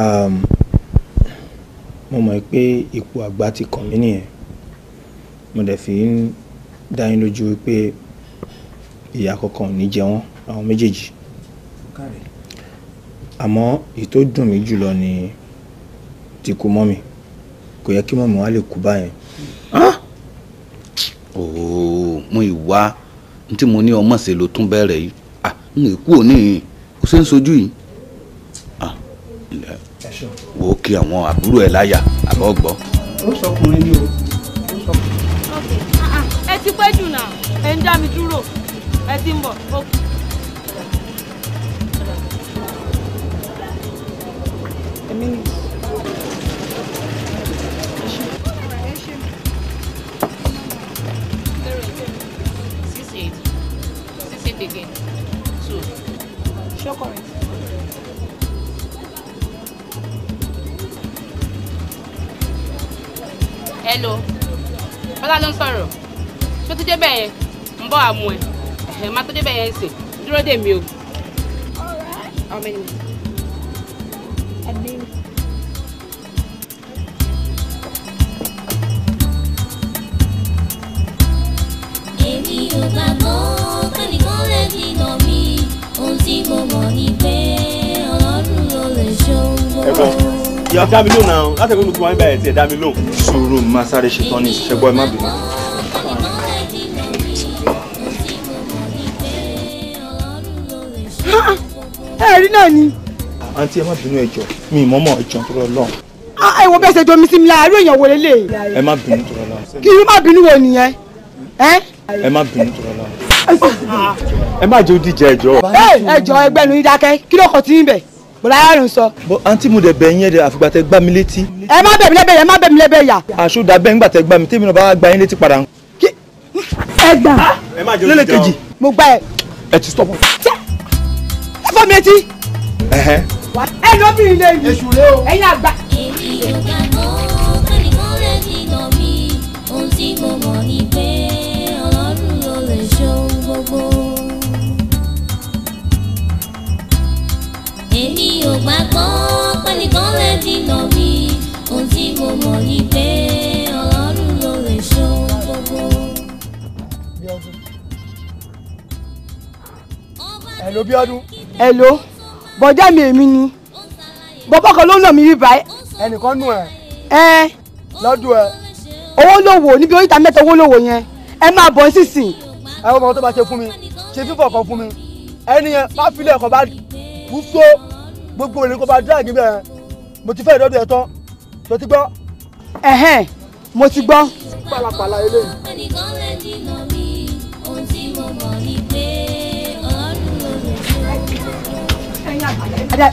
Ah, mo mọ̀ pé ipò àgbà ti kàn mí nìyẹn mo dẹ̀ fi ń dá yín lójú pé ìyá kankan ò ní jẹ wọ́n àwọn méjèèjì àmọ́ èyí tó dùn mí jùlọ ni ti kú mọ́ mi kò yẹ kí mọ́ mi wá lè kú báyẹn. Ah! ooo mo ìwà tí mo ní ọmọ ṣe ló tún bẹ̀rẹ̀ yìí ah n kú òní kò ṣe ń sojú yìí ah wò ó kí àwọn àbúrò ẹ̀ láyà àbọ̀ gbọ́. ó sọkùnrin ni o ah, ah, ẹ ti pẹ́ jù náà ẹ ń dá mi dúró ẹ ti ń bọ̀ ó sure correct. hello bọ́lá ló ń sọ̀rọ̀ ṣó ti débẹ̀ yẹn ń bọ̀ àmú ẹ̀ ẹ̀hẹ̀ máa tó débẹ̀ yẹn sìn dúró dè mí o. How many minutes? I mean, èmi ò gbàgbọ́ kẹ́nìkan lè dìgbọ̀ mi ohun tí mo mọ̀ ni pé ọlọ́run ló lè ṣe ìyá dá mi lóhùn náà láti ẹgbẹ́ mi kí wọ́n ń bá ẹ̀ tí ẹ̀ dá mi lóhùn. sùúrù máa sáré ṣetán ní ìṣẹ́gbọ́ ẹ má bínú. ẹ̀rí náà ni. àǹtí ẹ má bínú ẹjọ́ mi ìmọ̀mọ̀ ẹjọ́ tó lọ lọ́hùn. ẹ ah, ah, wo bẹ́ẹ̀ ṣe domi sí mi láàárọ̀ èèyàn wò lélẹ̀. ẹ má bínú tó lọ lọ. kí irú má bínú wo nìyẹn. ẹ má bínú tó lọ lọ. ẹ má jẹ́ òdìjẹ ẹjọ́. ẹjọ́ ẹgbẹ́ nu yín dákẹ́ kí ló kọ́ tí ń bẹ̀ kò láyà rùn sọ. bọ àǹtí mo dẹ̀ bẹ̀ yín ẹ̀dẹ̀ àfìgbà tẹ gbá mi létí. ẹ má bẹ̀ mí lẹ́bẹ̀ yà ẹ má bẹ̀ mí lẹ́bẹ̀ yà. àṣùdà bẹ́ẹ̀ ńgbà tẹ gbá mi tèmi náà bá gbá yín létí padà. ẹ gbà ah! lẹ́lẹ̀ kejì mo gbà ẹ. ẹ ti stop. ẹ fọ́ mi etí. ẹ lọ́bìnrin lè yí ẹ̀yin àgbà. èmi ò gbàgbọ́ kẹ́nìkan lè ní lọ mi ohun tí mo mọ̀ ni pé ò gbàgbọ́ pẹ́nìkan lè dínà mi hello Bíọ́dún. hello bọ̀dá èmi ni bọ́bọ́ kan ló ń nà mí bíbá ẹ. ẹnìkan nù ẹ. ẹ. lọ́dún ẹ. owó ló wò níbi oríta mẹ́ta owó ló wò yẹn ẹ máa bọ̀ sísìn. ẹ wọ́n mọ tó bá ṣe fún mi ṣe fífọ̀ kan fún mi ẹni yẹn má fi lẹ́ẹ̀kan bá kú só gbogbo èrè kó bá drag bẹ́ẹ̀ mo ti fẹ́ ìdọ́dọ̀ ẹ̀ tó ti gbọ́. ẹ̀hẹ́n mo ti gbọ́. pàlàpàlà eléyìí.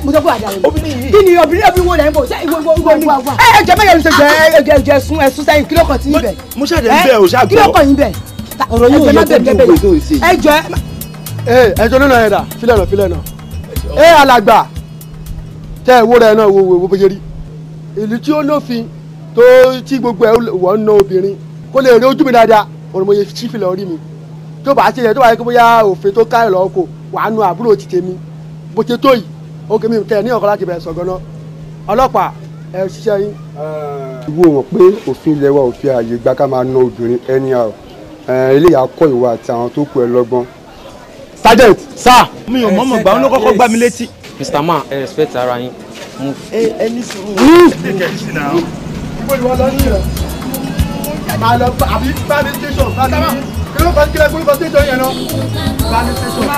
mo sọ fún obìnrin obìnrin wo lẹ ń bọ ṣé ìwọ ìwọ ni ẹ jẹ mẹyẹ lóṣù jẹ jẹ sún ẹ sún sẹ́yìn kílọkọ tí yín bẹ. mo ṣàdé ń bẹ o ṣàgbọ kílọkọ yín bẹ ọ̀rọ̀ yóò yẹ kó tó gbé tó ń ṣe. ẹ jọ ẹ. ẹ ẹ jọ nínú ẹ dà filẹ̀ náà filẹ̀ náà. ẹ alàgbà tẹ́ ẹ̀ wúra ẹ̀ náà wo wo bó ṣe rí ìlú tí ó lófin tó tí gbogbo ẹ̀ wọ́n ń ná obìnrin kó lè rí ojú mi dáadáa òun mo yẹ sífì lọ rí mi tó bá ṣe yẹn tó bá yẹ kó bóyá òfin tó ká ìlọ ọkọ wàá nu àbúrò ti tèmi bó ṣe tó yìí ó kí mi tẹ ní ọkọ láti bẹ̀rẹ̀ sọ̀gán náà ọlọ́pàá ẹ ṣiṣẹ́ yín. ìwọ wọn pé òfin ilé wa ò fi ààyè gba ká máa ná obìnrin ẹni à eléyà kọ́ ìwà àti àwọn tó kù ẹ lọ́gbọ́n. sergeant sir mi ò mọ̀mọ̀ gbà wọn ló kọ́kọ́ gbá mi létí Mr. Man I respect ara yín. ẹ ní sùúrù. ibo ni wọ́n lọ sí rẹ̀ máa lọ àbí báyìí station báyìí kí ló kọ́ kílẹ̀ kúrúkọ station yẹn lọ báyìí station.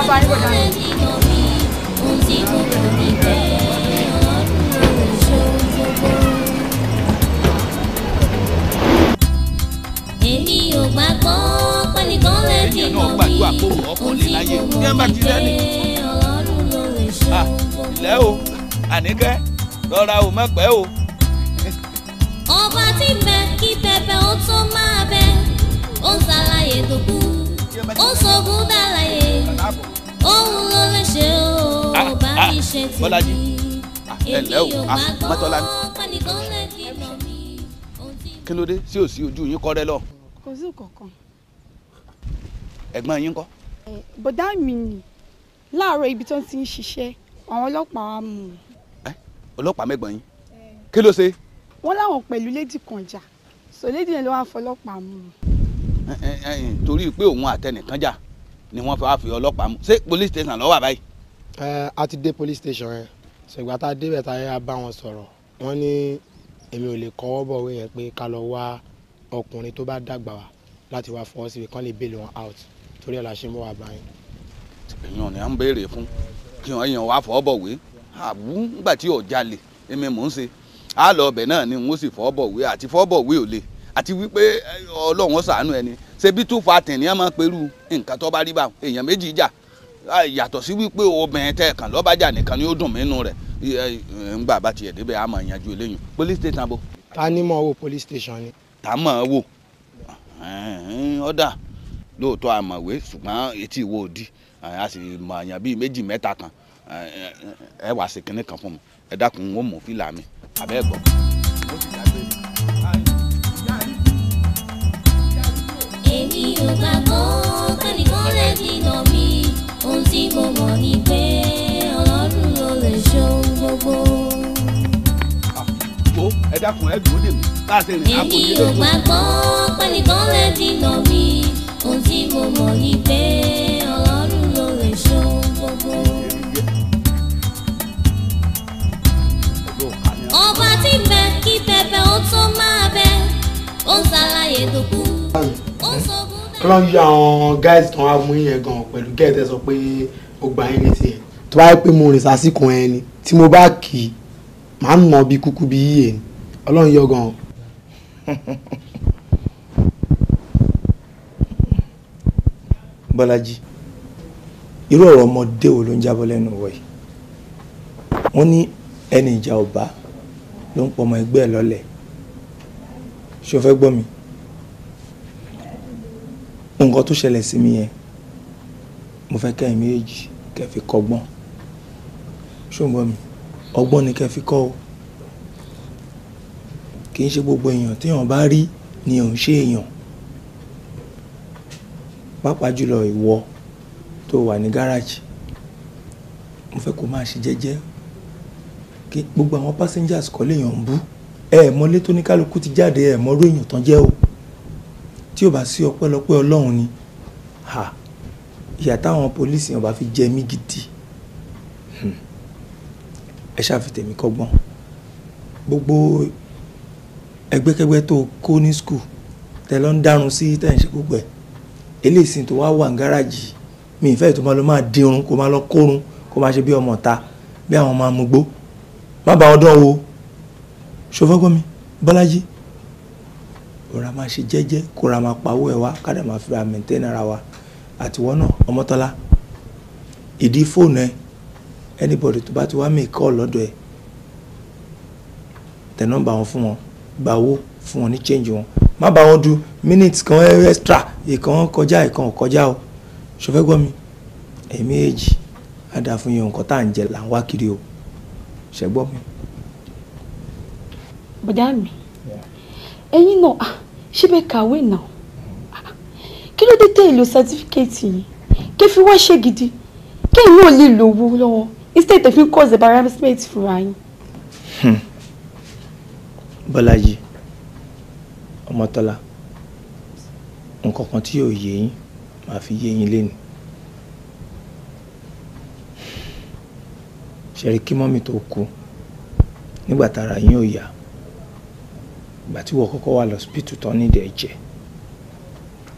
èmi ò gbàgbọ́ pẹ́nìkan lè dìbò mi ohun tí mo mọ̀ ní pé ọlọ́run ló lè ṣe. Ah lẹ́ o àníkẹ́ rọra o mọ̀pẹ́ o. ọba tí bẹ kí bẹbẹ ó tó máa bẹ ó ń ṣàlàyé tó kú ó sọ̀gùn dàlàyé òun ló lè ṣe o ah, bá mi ah, ṣe tì í ah, èmi ò bá gbọ́ pẹ́nìkan lè dìbò mi. kí ló dé sí òsì ojú yín kọ́ rẹ lọ. kò sí kankan. ẹ̀gbọ́n yín kọ́. bọ̀dá mi ni láàárọ̀ ibi tó ń ti ń ṣiṣẹ́ àwọn ọlọ́pàá mú hmm. un. ẹ ọlọ́pàá mẹ́gbọ̀n yín eh. kí ló ṣe. wọ́n láwọn pẹ̀lú lédì kan jà sọ lédì yẹn ló wá fọlọ́pàá mú un. torí pé òun àtẹnìkan jà ni wọ́n fẹ́ wá fi ọlọ́pàá mú ṣé police station ló wà báyìí. ẹ a ti dé police station yẹn ṣègbà tá a débẹ̀ tá a bá wọn sọ̀rọ̀ wọ́n ní èmi ò lè kọ́wọ́ bọ̀ wé yẹn pé ká lọ wá ọkùnrin tó bá dàgbà wá láti wá fọwọ́ síbi kán lè bail wọn out torí ẹ̀ la ṣe mọ́ wa báyìí. èèyàn ni à ń béèrè fún kí èèyàn wá fọ́ bọ̀wé àbú ńgbà tí ò jalè èmi mò ń ṣe á lọ ọbẹ̀ náà ni n ó sì fọ́ bọ̀wé àti fọ́ bọ̀wé ò le àti wípé ọlọ́run ṣàánú ẹni ṣebí tó fa tẹ̀ní ẹ̀ máa perú nǹkan tó bá rí bá èèyàn méjì jà yàtọ̀ sí wípé obìnrin tẹ̀ kàn lọ́bàjà nìkan ni ó dùn mínú rẹ̀ ńgbà bá tiẹ̀ débẹ̀ á máa yanjú eléyìí police station bo. ta ni mo wo police station ni. ta mọ̀ ọ́ ọ̀dà lóòótọ́ àmọ̀wé ṣùgbọ́n etí ìwo òdì a sì mọ àyàn bíi méjì mẹ́ta kan ẹ wá ṣe kinní kan fún mi ẹ dákun ń mú fìlà mi àbẹ́ gbọ́. èmi ò gbàgbọ́ kẹ́nìkan lè dìnà mi ohun tí mo mọ̀ ni pé ọlọ́run ló lè ṣe ohun gbogbo. ẹ dákun ẹ dùn ó dè mí láti rìn àpò yìí lójú. èmi ò gbàgbọ́ kẹ́nìkan lè dìnà mi ohun tí mo mọ̀ ni pé ọba tí bẹ kí bẹbẹ ó tó máa bẹ ó ń ṣàlàyé tó kú ó ń yọ àwọn guys kan wá mú yẹn gan pẹ̀lú gẹ́tẹ́ sọ pé ó gba yín létí ẹ̀ tó bá yẹ pé mo rìn sásìkò ẹ ni tí mo bá kì í màá mọ̀ bí kúkú bí yíyẹ ni ọlọ́run yọ gan. Bọ́lájí irú ọ̀rọ̀ ọmọdé wo ló ń jábọ́ lẹ́nu wọ̀ yìí wọ́n ní ẹni ìjà ọba ló ń pọmọ ẹgbẹ́ ẹ̀ lọ́lẹ̀ ṣé o fẹ́ gbọ́ mi nǹkan tó ṣẹlẹ̀ sí mi yẹn mo fẹ́ kẹ́yìn méjì kẹ́ fi kọ́gbọ́n ṣé gbọ́ mi ọgbọ́n ni kẹ́ fi kọ́ o kì í ṣe gbogbo èèyàn téèyàn bá rí ni òun ṣe èèyàn pàápàá jùlọ ìwọ. E tó wà ní gáràjì mo fẹ́ kó máa ṣe jẹ́jẹ́ kí gbogbo àwọn passengers kọ́ lèèyàn ń bú ẹ ẹ̀ mọ́lé tó ní kálukú ti jáde ẹ̀ mọ́ ròyìn tán jẹ́ o tí ò bá sí ọpẹ́lọpẹ́ ọlọ́run ni ha ìyà táwọn pólíìsì yẹn bá fi jẹ mí gidi hmm. ẹ ṣàfi tèmi kọ́gbọ́n gbogbo ẹgbẹ́kẹ́gbẹ́ tó kó ní skul tẹ lọ ń dárun sí tẹ̀ gbogbo ẹ̀ eléyìí sì tó wá wà ń gáràjì yìí mi ìfẹ́ tó máa lọ máa kó máa lọ kórun kó máa ṣe bí ọmọ ta bí àwọn máa mú gbó má bá wọn wo ṣòfọ́gbọ́n mi bọ́lájí rọra máa ṣe jẹ́jẹ́ kó ra máa pawó ẹ̀ wá kádà máa fi ra maintain ara wa àtiwọ́ náà ọmọtọ́lá ìdí fóònù ẹ anybody tó bá ti wá make call lọ́dọ̀ ẹ tẹ nọ́mbà wọn fún wọn gba owó fún wọn ní change wọn má bá wọn du minutes kan extra ìkan kọjá ìkan ò kọjá o ṣọfẹ́ gbọ́ mi ẹ̀mí èjì á dáa fún yẹn nǹkan tá à ń jẹ là ń wá kiri o ṣẹ́ gbọ́ mi. bọ̀dá mi ẹ̀yin náà ṣé bẹ́ẹ̀ kàwé náà kí ló dé tẹ́ ìlò sátífíkẹ́ẹ̀tì yìí kí fi wá ṣe gidi kí èyí ò lè lówó lọ́wọ́ instead of you cause embarrassment fúnra yín. Hmm. bọ́lájì ọmọtọ́lá nǹkan kan tí yóò yé yín màá fi yé yín lénìí. ṣẹ̀rí kí mọ́mì tó kú nígbà tára yín ò yá ìgbà tí wọ́n kọ́kọ́ wà lọ́sípítù tán nídìí ẹ̀jẹ̀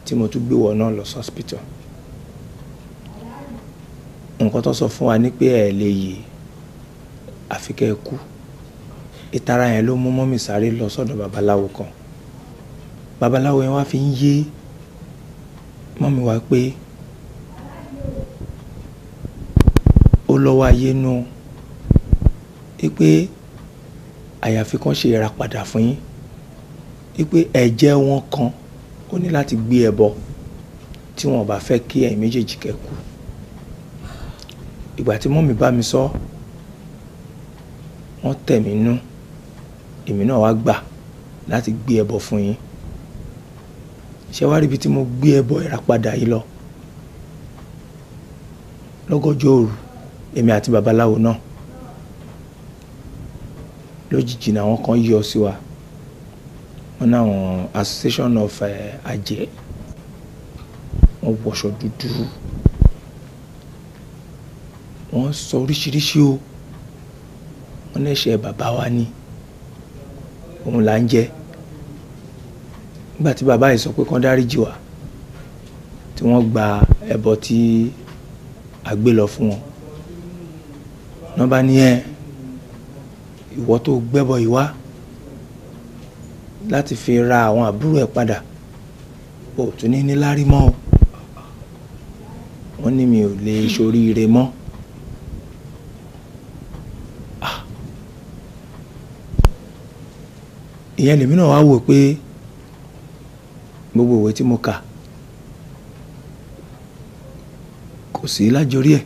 tí mo tún gbé wọ́n náà lọ sọ́sípítù nǹkan tó sọ fún wa ní pé ẹ̀ lè yè àfi kẹ́ ẹ kú ìtara yẹn ló mú mọ́mì sáré lọ sọ́dọ̀ babaláwo kan babaláwo yẹn wá fi ń yé mọ́mí wa pé ó lọ́wọ́ ayé nù wípé àyàfi kan ṣe ìràpadà fún yín wípé ẹ̀jẹ̀ wọn kan ó ní láti gbé ẹbọ tí wọn bá fẹ́ kí ẹ̀yin méjèèjì kẹ́kù ìgbà tí mọ́mí bá mi sọ wọ́n tẹ̀ mí nú èmi náà wá gbà láti gbé ẹbọ fún yín ṣe wá ríbi tí mo gbé ẹbọ ìràpadà yìí lọ lọ́gọ́jọ́ òru èmi àti babaláwo náà lójijì náà àwọn kan yọ sí wa wọn náà association of uh, eh, ajẹ́ wọn wọṣọ dúdú wọn sọ oríṣiríṣi o wọn lẹsẹ bàbá wa ni òun là ń jẹ nígbà tí bàbá yìí sọ pé kán dáríjì wá tí wọ́n gba ẹbọ tí a gbé lọ fún wọn wọ́n bá ẹ ìwọ tó gbẹ́bọ yìí wá láti fi ra àwọn àbúrò ẹ̀ padà ò tún ní níláárí mọ́ o wọ́n ní mi ò lè ṣoríire mọ́ ah. ìyẹn lèmi náà wá wò pé gbogbo ìwé tí mo kà kò sí lájorí ẹ̀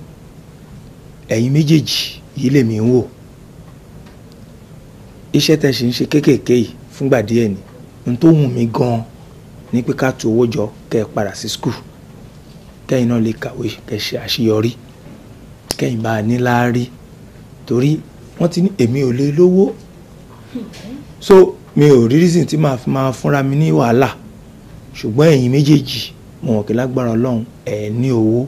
ẹ̀yin méjèèjì yìí lèmi ń wò iṣẹ́ tẹ́ ṣe ń ṣe kéékèèké yìí fúngbà díẹ̀ ni n tó wù mí gan-an ní pé ká tu owó jọ kẹ́ ẹ padà sí skul kẹ́yìn náà lè kàwé kẹ́ ṣe àṣeyọrí kẹ́yìn bá a ní láárí torí wọ́n ti ní èmi ò lè lówó so mi ò rí reason tí màá fi máa fúnra mi ní wàhálà ṣùgbọ́n ẹ̀yin méjèèjì mo mọ̀ kí lágbára ọlọ́run ẹ̀ ní owó.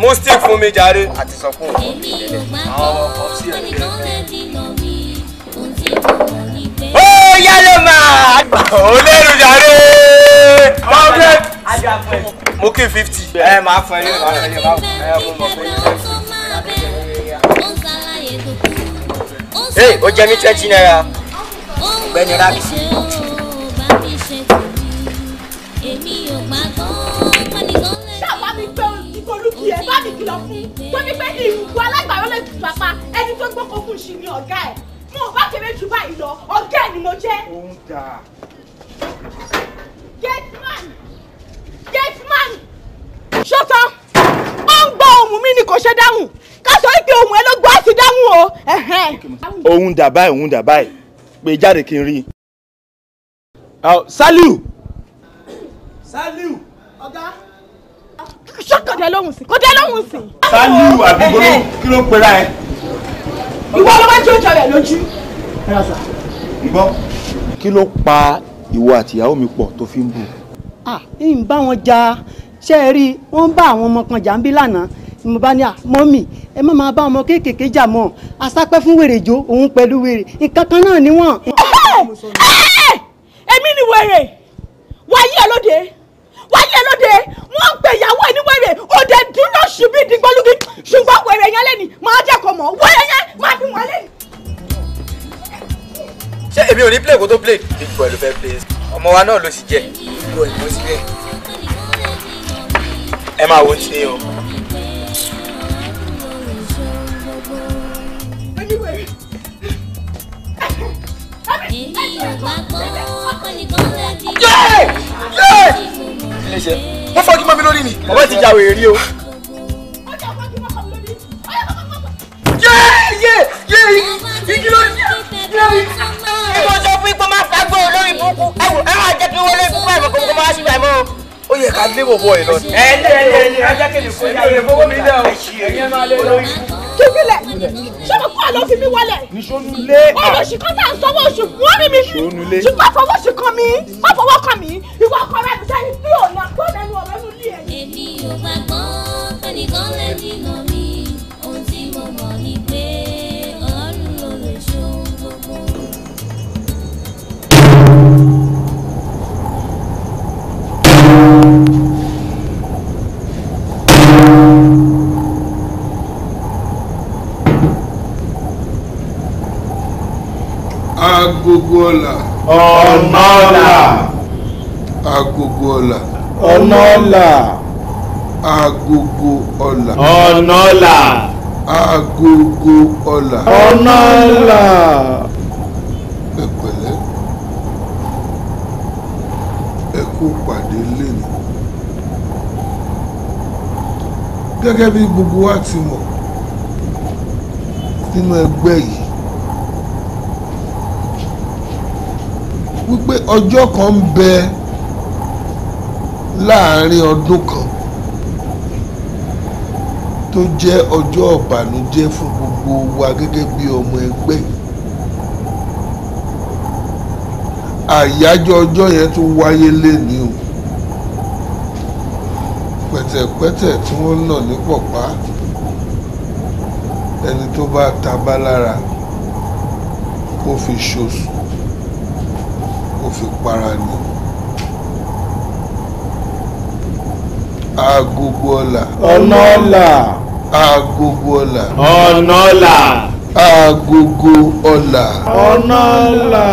mo stick fún mi jàre. àti sọ fún òun ó yálẹ̀ máa. ó lérò jàre. bá Okay, kí fifty. ẹ máa fọ ẹlẹ́yìn máa fọ ẹlẹ́yìn máa fọ ẹlẹ́yìn mo mọ̀ pé ẹlẹ́yìn. ee o jẹ mi twenty naira gbẹni rabi. sábà mi gbé olùkí ẹ bá mi kìlọ̀ fún tó ní mo bá kéré jù báyìí lọ ọ̀gá ẹ̀ ni mo get man gate man ṣọ́tọ̀ ó ń gbọ́ ohùn mi ni kò ṣe dáhùn ká sọ pé ohùn ẹ ló gbọ́ àti dáhùn o. ohun dà báyìí ohun dà báyìí pé jáde kí n rí i. Saliu. Saliu. ọ̀gá. ṣọ́tọ̀ dẹ lóhùn sí kò dẹ lóhùn sí. Saliu àbúgbò kí ló pera ẹ. ìwọ ló máa ń jẹ́ òjò rẹ̀ lójú. ń kí ló pa ìwọ àtìyàwó mi pọ̀ tó fi ń bù ń bá wọn jà ṣe é rí wọ́n ń bá àwọn ọmọ kan jà ń bí lánàá ni mo bá ní à mọ́mì ẹ má máa bá ọmọ kéékèèké jà mọ́ asápẹ́ fún wèrè jó òun pẹ̀lú wèrè nǹkan kan náà ni wọ́n. èmi ni wèrè wáyé ọlọ́dẹ wáyé ọlọ́dẹ wọ́n ń pè ìyàwó ẹni wèrè òde dúró ṣubí dìgbọ́lùkì ṣùgbọ́n wèrè yẹn lẹ́ni máa jẹ́ mọ́ wèrè yẹn máa fi wọ́n lẹ́ni. ṣé èmi ò ní play tó play big boy ló fẹ́ ọmọ wa náà ló sì jẹ ìlú ẹ̀kọ́ sílẹ̀ ẹ máa wo ti o. wọ́n fọ́jú mọ́ mi lórí ni bàbá ti jà wèrè rí o. yé yé yé igi lórí mọ̀ kó máa ṣùgbọ́n àìmọ́ o. ó yẹ ká lé bòbò ẹ̀ lọ. ẹ ẹ ẹ ẹ yá ẹ fọwọ́ mi lẹ o. ẹ̀yẹ́ máa kọ́ àlọ́ fi mi wọlé. ìṣonulé. olùsí kan tá à ń sanwó oṣù fún ọ́ mi. ìṣonulé. ṣùgbọ́n fọwọ́ sí kan mi má fọwọ́ kan mi ìwà ọkọ rẹ bìtẹ́ bí òun náà gbọ́dọ̀ ẹnu ọ̀rọ̀ ẹnu lé ẹ̀. èmi ò máa gbọ́ agogo ọ̀la. ọ̀nà ọ̀la. agogo ọ̀la. ọ̀nà ọ̀la. agogo ọ̀la. ọ̀nà ọ̀la. agogo ọ̀la. ọ̀nà ọ̀la. ẹ pẹ̀lẹ́ pàdé lẹ́nu gẹ́gẹ́ bí gbogbo wa ti mọ̀ nínú ẹgbẹ́ yìí wípé ọjọ́ kan ń bẹ láàrin ọdún kan tó jẹ́ ọjọ́ ọ̀bànújẹ́ fún gbogbo wa gẹ́gẹ́ bí ọmọ ẹgbẹ́ àyájọ́ ọjọ́ yẹn tún wáyé lénìí o pẹ̀tẹ̀pẹ̀tẹ̀ tí wọ́n nà ní pọ̀pá ẹni tó bá tabá lára kó fi ṣoṣù ó fi para ni agogo ọ̀la. ọ̀nà ọ̀la. agogo ọ̀la. ọ̀nà ọ̀la. agogo ọ̀la. ọ̀nà ọ̀la.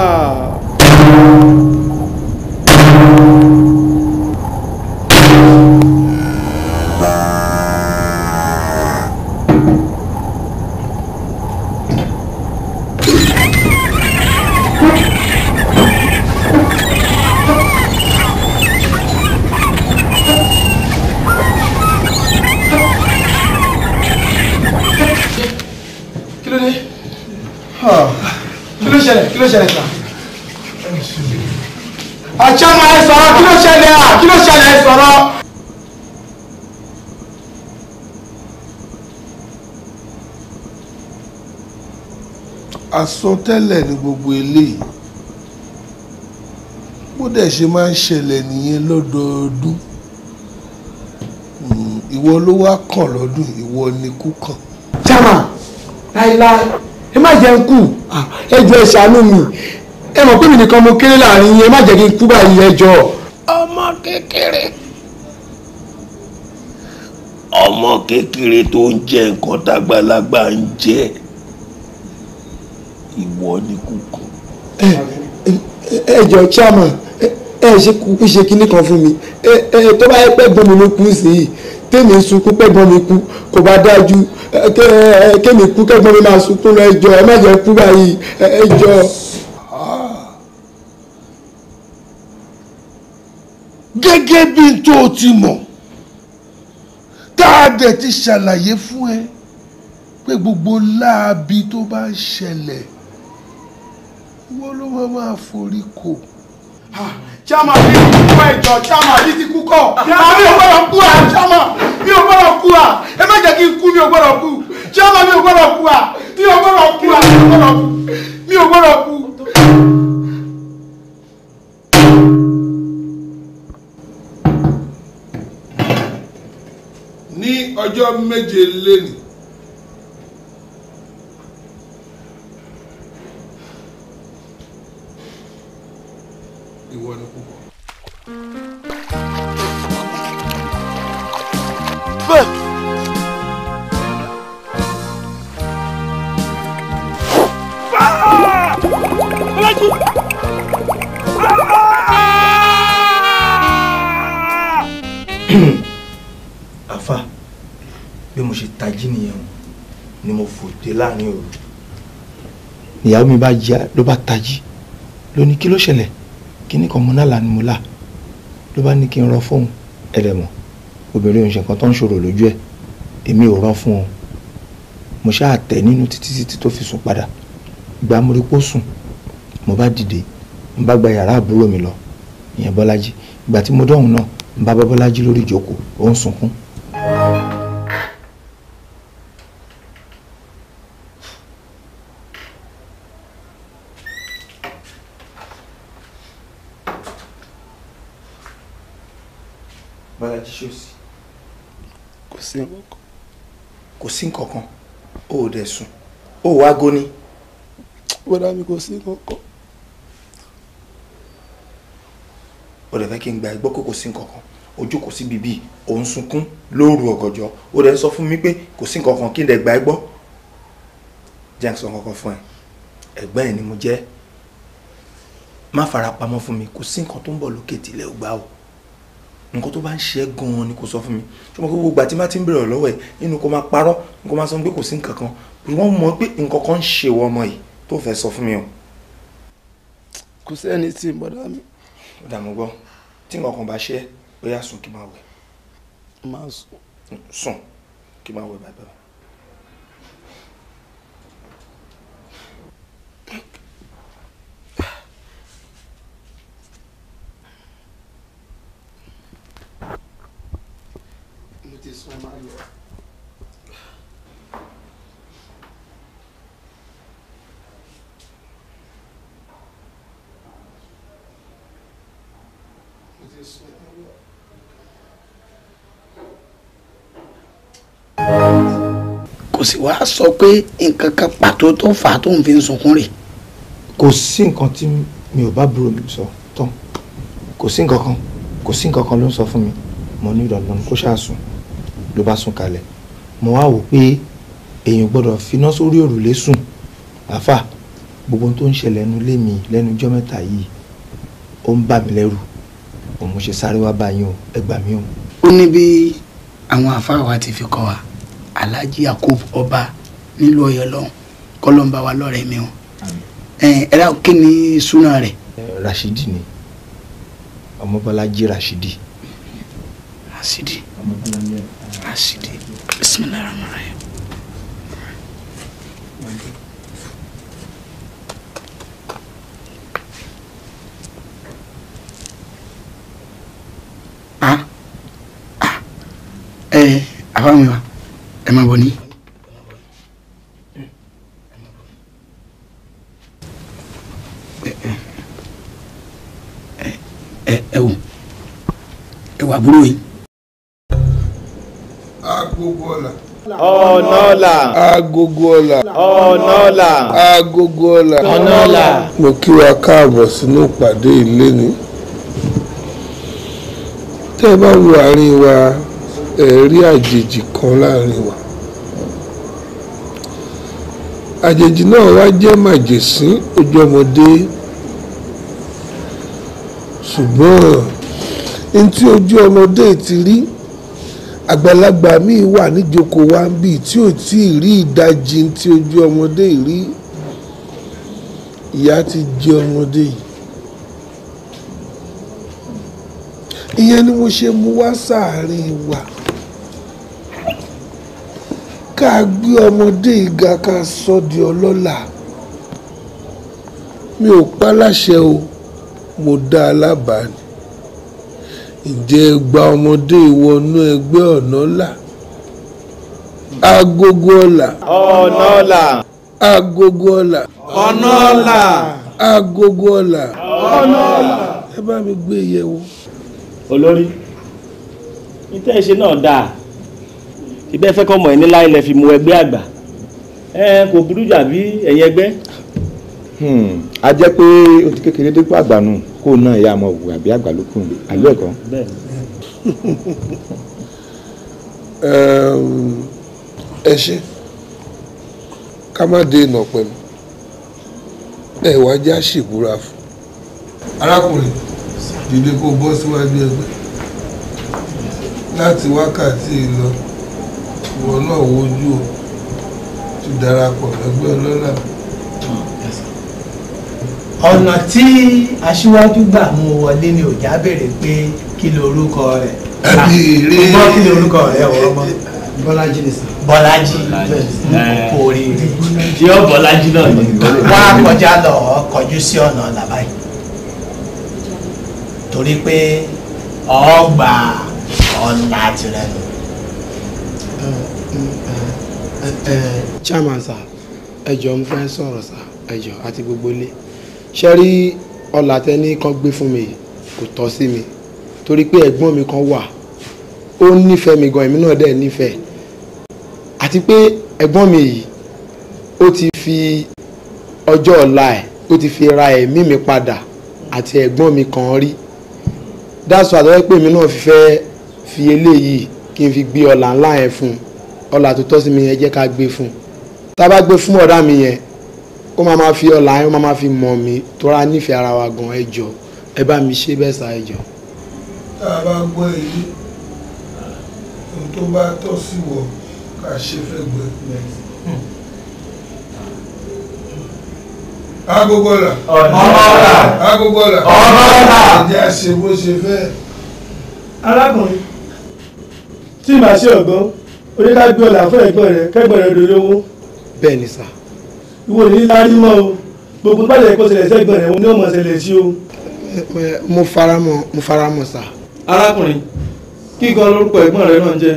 ṣẹlẹ̀ kí ló ṣẹlẹ̀ sà. ọ̀ṣẹ́ máa ń sọ̀rọ̀ kí ló ṣẹlẹ̀ à kí ló ṣẹlẹ̀ sọ̀rọ̀. àsọtẹ́lẹ̀ ni gbogbo eléyìí bó dẹ̀ ṣe máa ń ṣẹlẹ̀ nìyẹn lọ́dọọdún hmm, ìwọ ló wá kàn lọ́dún ìwọ ni kú kàn. jama láíláí ẹ má jẹ́ ń kú ẹ jọ̀ọ́ ẹ ṣàánú mi ẹ mọ̀ pé mi nìkan mo kéré láàrin yín ẹ má jẹ́ kí n kú báyìí ẹ jọ̀ọ́. ọmọ kékeré ọmọ kékeré tó ń jẹ nǹkan tágbàlagbà ń jẹ ìwọ ni kúkú. ẹ jọ̀ọ́ chairman ẹ ṣe kíní kan fún mi ẹ tó bá yẹ pẹ́ gbọ́n sí i kémi sunkún kẹ́gbọ́n mi kú kò bá dájú kémi kú kẹ́gbọ́n mi máa sunkún lọ ẹjọ́ ẹ má jẹ́ kú báyìí ẹjọ́. gẹ́gẹ́ bí n tó o ti mọ̀ tá a dẹ̀ ti ṣàlàyé fún ẹ pé gbogbo láabi tó bá ń ṣẹlẹ̀ wọ́n ló máa máa forí kò chama bí ti ẹjọ chama bí ti kú kọ àmì ò gbọ́dọ̀ kú à chama mi ò gbọ́dọ̀ kú à ẹ má jẹ́ kí n kú mi ò gbọ́dọ̀ kú chama mi ò gbọ́dọ̀ kú à mi ò gbọ́dọ̀ kú à mi ò gbọ́dọ̀ kú. ní ọjọ́ méje lénìí back. Alájí! Àfá, bí mo ṣe tají nìyẹn ni mo fòde láàrin òru. Ìyàwó mi bá jí ló bá tají ló ní kí ló ṣẹlẹ̀ kíní kan mọ́ náà là ni mo là ló bá ní kí n rọ fóun ẹlẹ́mọ̀ obìnrin ò ń ṣe nǹkan tó ń ṣòro lójú ẹ̀ èmi ò rán fún un mo ṣáà tẹ̀ nínú títí títí tó fi sùn padà gba mo rí pó sùn mo bá dìde mo bá gba yàrá àbúrò mi lọ ìyẹn bọ́lájí ìgbà tí mo dọ̀hún náà mo bá bá bọ́lájí lórí ìjókòó ó ń sunkún sí kò sí nǹkan kan ó ò sùn ó wá góní. bọ́dà mi kò sí nǹkan kan. ó dẹ̀ fẹ́ kí n gba ẹgbọ́ kó kò sí nǹkan kan ojú kò sí bíbí òun sunkún lóru ọ̀gànjọ́ ó dẹ̀ sọ fún mi pé kò sí nǹkan kí n dẹ̀ gba ẹgbọ́ jẹ́ sọ kankan fún ẹ ẹ̀gbọ́n ẹ̀ ni mo jẹ́ má fara pamọ́ fún mi kò sí nǹkan tó ń bọ̀ lókè tilẹ̀ ò o nǹkan tó bá ń ṣe é gan-an ni kò sọ fún mi ṣùgbọ́n gbogbo ìgbà tí má ti ń bèrè lọ́wọ́ ẹ̀ nínú kó máa parọ́ nǹkan máa sọ pé kò sí nǹkan kan wọ́n mọ̀ pé nǹkan kan ń ṣe wọ ọmọ yìí tó fẹ́ sọ fún mi o. kò sẹ́ni tí ń bọ̀dá mi. ó dààmú gbọ́ tí nǹkan kan bá ṣe é ó sùn kí máa wẹ̀. máa sùn. sùn kí máa wẹ̀ bàbá. my mind. This, kò sì wá sọ pé nǹkan kan pàtó tó fà á tó ń fi ń sunkún rẹ̀. kò sí nǹkan tí mi ò bá búrò mi sọ tán kò sí nǹkan kan kò sí nǹkan kan ló ń sọ fún mi mo ní ìdọ̀lọ́nu kó ṣáà sùn ló bá sùn kalẹ̀ mo wá wò pé èèyàn gbọ́dọ̀ finá sórí òrùlé sùn àfà gbogbo tó ń ṣẹlẹ̀ ẹnu lé mi lẹ́nu ọjọ́ mẹ́ta yìí ó ń bà mí lẹ́rù òun ṣe sáré wá bá yín o ẹ gbà mí o. ó ní bí àwọn àfáà wa ti fi kọ́ wa alhaji yakub ọba nílùú Ọ̀yọ́ lọ́hùn kọlọmba wa lọrẹ mi o ẹ ẹ kí ni súnà rẹ̀. rashidi ni ọmọbalaji rashidi. rashidi. ọmọbalaji rashidi. Rashidi. Bismillahirrahmanirrahim. Ah. Ah. Eh, àwa mi wa. Ẹ máa bọ̀ ní. ẹ wò ẹ wà àbúrò yìí ọ̀nà ọ̀la. agogo ọ̀la. ọ̀nà ọ̀la. agogo ọ̀la. ọ̀nà ọ̀la. mo kí wa káàbọ̀ sínú ìpàdé ilé ni tẹ́ ẹ bá wo àárín wa ẹ rí àjèjì kan láàrin wa àjèjì náà wá jẹ́ màjèsín ojú ọmọdé ṣùgbọ́n n tí ojú ọmọdé ti rí àgbàlagbà míì wà níjoko wa ń bì tí ò tí ì rí ìdajì tí ojú ọmọdé rí ìyá ti jẹ ọmọdé yìí ìyẹn ni mo ṣe mú wá sáàárín wa ká gbé ọmọdé ìga ká sọ di ọlọ́lá mi ò pa láṣẹ o mo dá a lábàá ni ǹjẹ́ gba ọmọdé wọnú ẹgbẹ́ ọ̀nà là agogo ọ̀la. ọ̀nà ọ̀la. agogo ọ̀la. ọ̀nà ọ̀la. agogo ọ̀la. ọ̀nà ọ̀la. ẹ bá mi gbé e yẹ̀wò. olórí nítorí ṣe náà dáa ibẹ̀ fẹ́ kọ́ mọ̀ ẹ́ nílá ilẹ̀ fi mu ẹgbẹ́ àgbà ẹ kò burú jàbí ẹ̀yìn ẹgbẹ́. Hmm, a jẹ́ pé o ti kékeré dé pàgbà nù. No kó náà yá mọ wù àbí àgbàlókùn rè àlọ́ ẹ̀kọ́. [laughs] ẹ ṣe ká má dé ìnà pẹ̀lú ẹ wá jẹ́ àṣìbúra fún. arákùnrin dìde kó bọ́ síwájú ẹgbẹ́ láti wákàtí ìlọ ìwọ náà wojú o ti darapọ̀ lẹ́gbẹ́ ọlọ́lá ọ̀nà tí aṣíwájú gbà mú wọlé ni òjá béèrè pé kí ló orúkọ rẹ̀ gbọ́ kí ló orúkọ rẹ̀ wọ́n bọ́lájí ni sàn. bọ́lájí kò rí rí. tí ó bọ́lájí náà ni. wọ́n á kọjá lọ kọjú sí ọ̀nà làbáyé torí pé ọgbà ọ̀nà tirẹ̀ nù. chairman sir ẹ jọ̀ọ́ mo fẹ́ sọ̀rọ̀ sir ẹ jọ̀ọ́ àti gbogbo ilé ṣe rí ọlà tẹni kan gbé fún mi kò tọ́ sí mi torí pé ẹ̀gbọ́n mi kan wà ó nífẹ̀ẹ́ mi gan èmi náà dẹ̀ nífẹ̀ẹ́ àti pé ẹ̀gbọ́n mi yìí ó ti fi ọjọ́ ọ̀la ẹ̀ ó ti fi ra ẹ̀mí mi padà àti ẹ̀gbọ́n mi kan rí dáṣọ àtọ́wẹ́ pé èmi náà fẹ́ fi eléyìí kí n fi gbé ọlà ńlá yẹn fún ọlà tó tọ́ sí mi yẹn jẹ́ ká gbé fún tá a bá gbé fún ọ̀dà mi yẹn ó máa ma fi ọ̀la ó máa ma fi mọ̀ mí tóra nífẹ̀ẹ́ ara wa gan ẹjọ́ ẹ bá mi ṣe bẹ́ẹ̀ sá ẹjọ́. tá a bá gbọ́ èyí ohun tó bá tọ́ sí wọ ká ṣe fẹ́ gbẹ. agogo la ọmọ la agogo la ọmọ la ẹjẹ àṣẹ bó ṣe fẹ́. arákùnrin tí màá ṣe ọgbọ́n oníkàgbé ọ̀la fún ẹ̀gbọ́n rẹ kẹ́gbọ́n rẹ dolówó. bẹ́ẹ̀ ni sá ìwọ ní lárí mọ́ o gbogbo bá lè kó ṣẹlẹ̀ sẹ́gbọ̀n rẹ̀ ní ọmọ ṣẹlẹ̀ sí o. mo faramọ́ mo faramọ́ sà. arákùnrin kí gan lórúkọ ẹ̀gbọ́n rẹ náà ń jẹ́.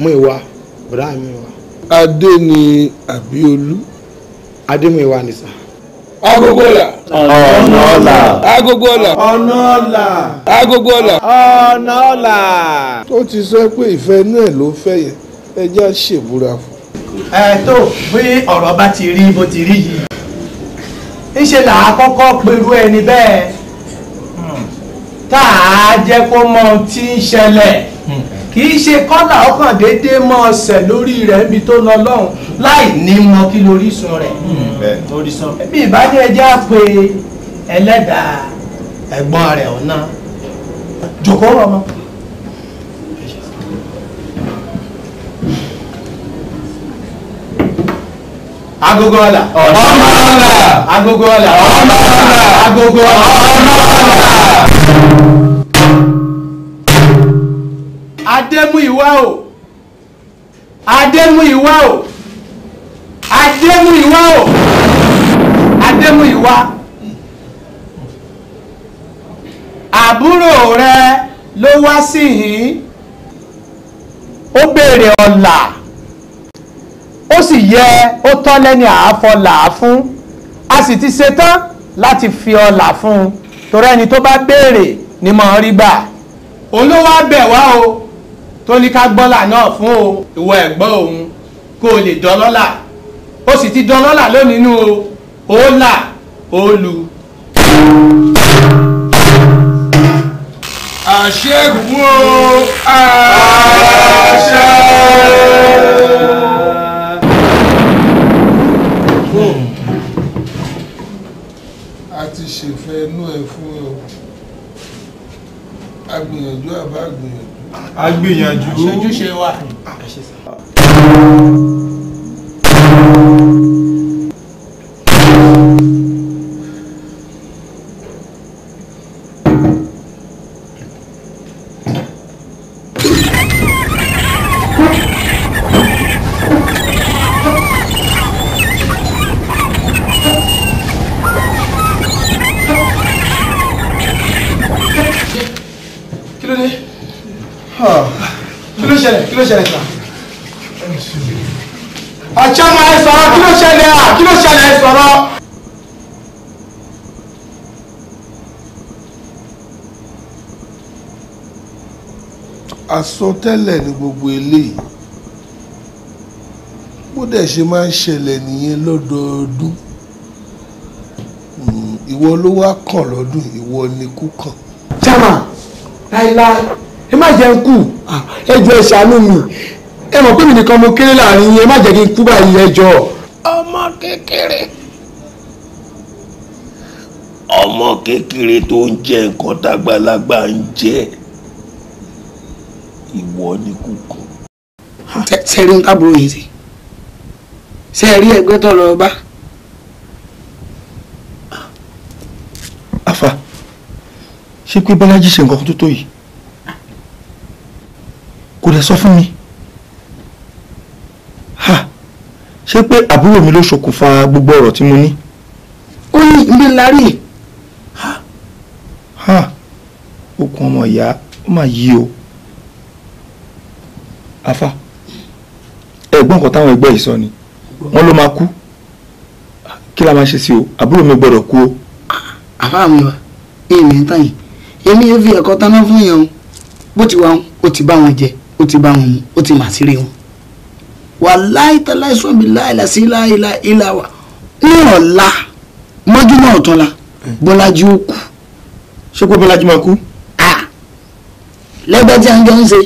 mú ìwà bùrá mi wà. adé ni àbíolú adé mú ìwà ni sà. agogola, ọ̀la. ọ̀nà ọ̀la. agogo ọ̀la. ọ̀nà ọ̀la. agogo ọ̀la. ọ̀nà ọ̀la. ó ti sọ pé ìfẹ́ náà ló fẹ́ yẹn ẹ já ṣèbúra fún ẹ tó bí ọ̀rọ̀ bá ti rí bó ti rí yìí ńṣe là á kọ́kọ́ pẹ̀lú ẹni bẹ́ẹ̀ hmm. tá a jẹ́ kó mọ tí ń ṣẹlẹ̀ hmm. kì í ṣe kọ́là ọkàn déédéé mọ́ ọ̀sẹ̀ lórí rẹ̀ níbi tó lọ lọ́hùn láì ní mọ kí lórísun rẹ̀ bí ìbájẹ́ ẹjẹ́ á pe ẹlẹ́dàá ẹ̀gbọ́n rẹ̀ ọ̀nà jòkó rọ̀ mọ́. agogo ọlà ọmọ ọlà agogo ọlà ọmọ ọlà agogo ọlà ọmọ ọlà. adémúyìwá o adémúyìwá o adémúyìwá o adémúyìwá àbúrò rẹ ló wá síhìn ó béèrè ọ̀la ó sì yẹ ó tọ́ lẹ́ni àáfọ́ làá fún a sì ti ṣetán láti fi ọlà fún un torí ẹni tó bá béèrè ni mo rí gbà. olówó abẹ wá o tó ní ká gbọ́là náà fún o ìwọ ẹ̀gbọ́n òun kó o lè dọ́lọ́là ó sì ti dọ́lọ́là lónìí nù o ó là ó lu. àṣẹ wo àṣẹ. ẹnu ẹ̀ fún ọ agbìyànjú àbá agbìyànjú. agbìyànjú. àṣejúṣe wa. ṣẹlẹ̀ sà. ọ̀ṣẹ́ ọmọ ẹ sọ̀rọ̀ kí ló ṣẹlẹ̀ à kí ló ṣẹlẹ̀ ẹ sọ̀rọ̀. àsọtẹ́lẹ̀ ni gbogbo eléyìí bó dẹ̀ ṣe máa ń ṣẹlẹ̀ nìyẹn lọ́dọọdún hmm, ìwọ ló wá kàn lọ́dún ìwọ ni kú kàn. jama láíláí ẹ má jẹ́ ń kú ẹ jọ̀ọ́ ẹ ṣàánú mi ẹ mọ̀ pé mi nìkan mo kéré láàrin yín ẹ má jẹ́ kí n kú báyìí ẹ jọ̀ọ́. ọmọ kékeré ọmọ kékeré tó ń jẹ nǹkan tágbàlagbà ń jẹ ìwọ ni kúkú. ṣe rí nǹkan burú yìí sí ṣe ẹgbẹ́ tó lọ bá. àfà ṣé pé bọ́lájí ṣe nǹkan tó tó yìí kò lè sọ fún mi ṣé pé àbúrò mi ló ṣokùnfà gbogbo ọ̀rọ̀ tí mo ní. ó ní ilé lárí okùn ọmọ ìyá ó mà yí o afa ẹ̀gbọ́n kan táwọn ẹgbẹ́ yìí sọ ni wọ́n ló máa kú kí la máa ṣe sí o àbúrò mi gbọ́dọ̀ kú o. àbá mi wá èmi ń tàn yín èmi ń fi ẹ̀kọ́ taná fún yẹn o bó ti wà ó ti bá wọn jẹ ó ti bá wọn ó ti mà sí rí wọn wàláì tàláì sọ́ọ̀bì láìlà sí láìlà ìlà wà ní ọ̀la mọ́júmọ́ ọ̀tọ́la bọ́lájí ó kú. ṣé pé bọ́lájí máa kú. lẹ́gbẹ́ tí a ń jọ ń ṣe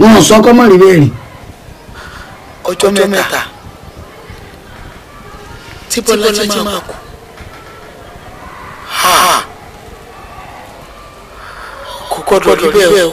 wọn ò sọ ọkọ mọ́ rí bẹ́ẹ̀ rìn. ọjọ́ mẹ́ta tí bọ́lájí máa kú. kò gbọ́dọ̀ rí bẹ́ẹ̀ o.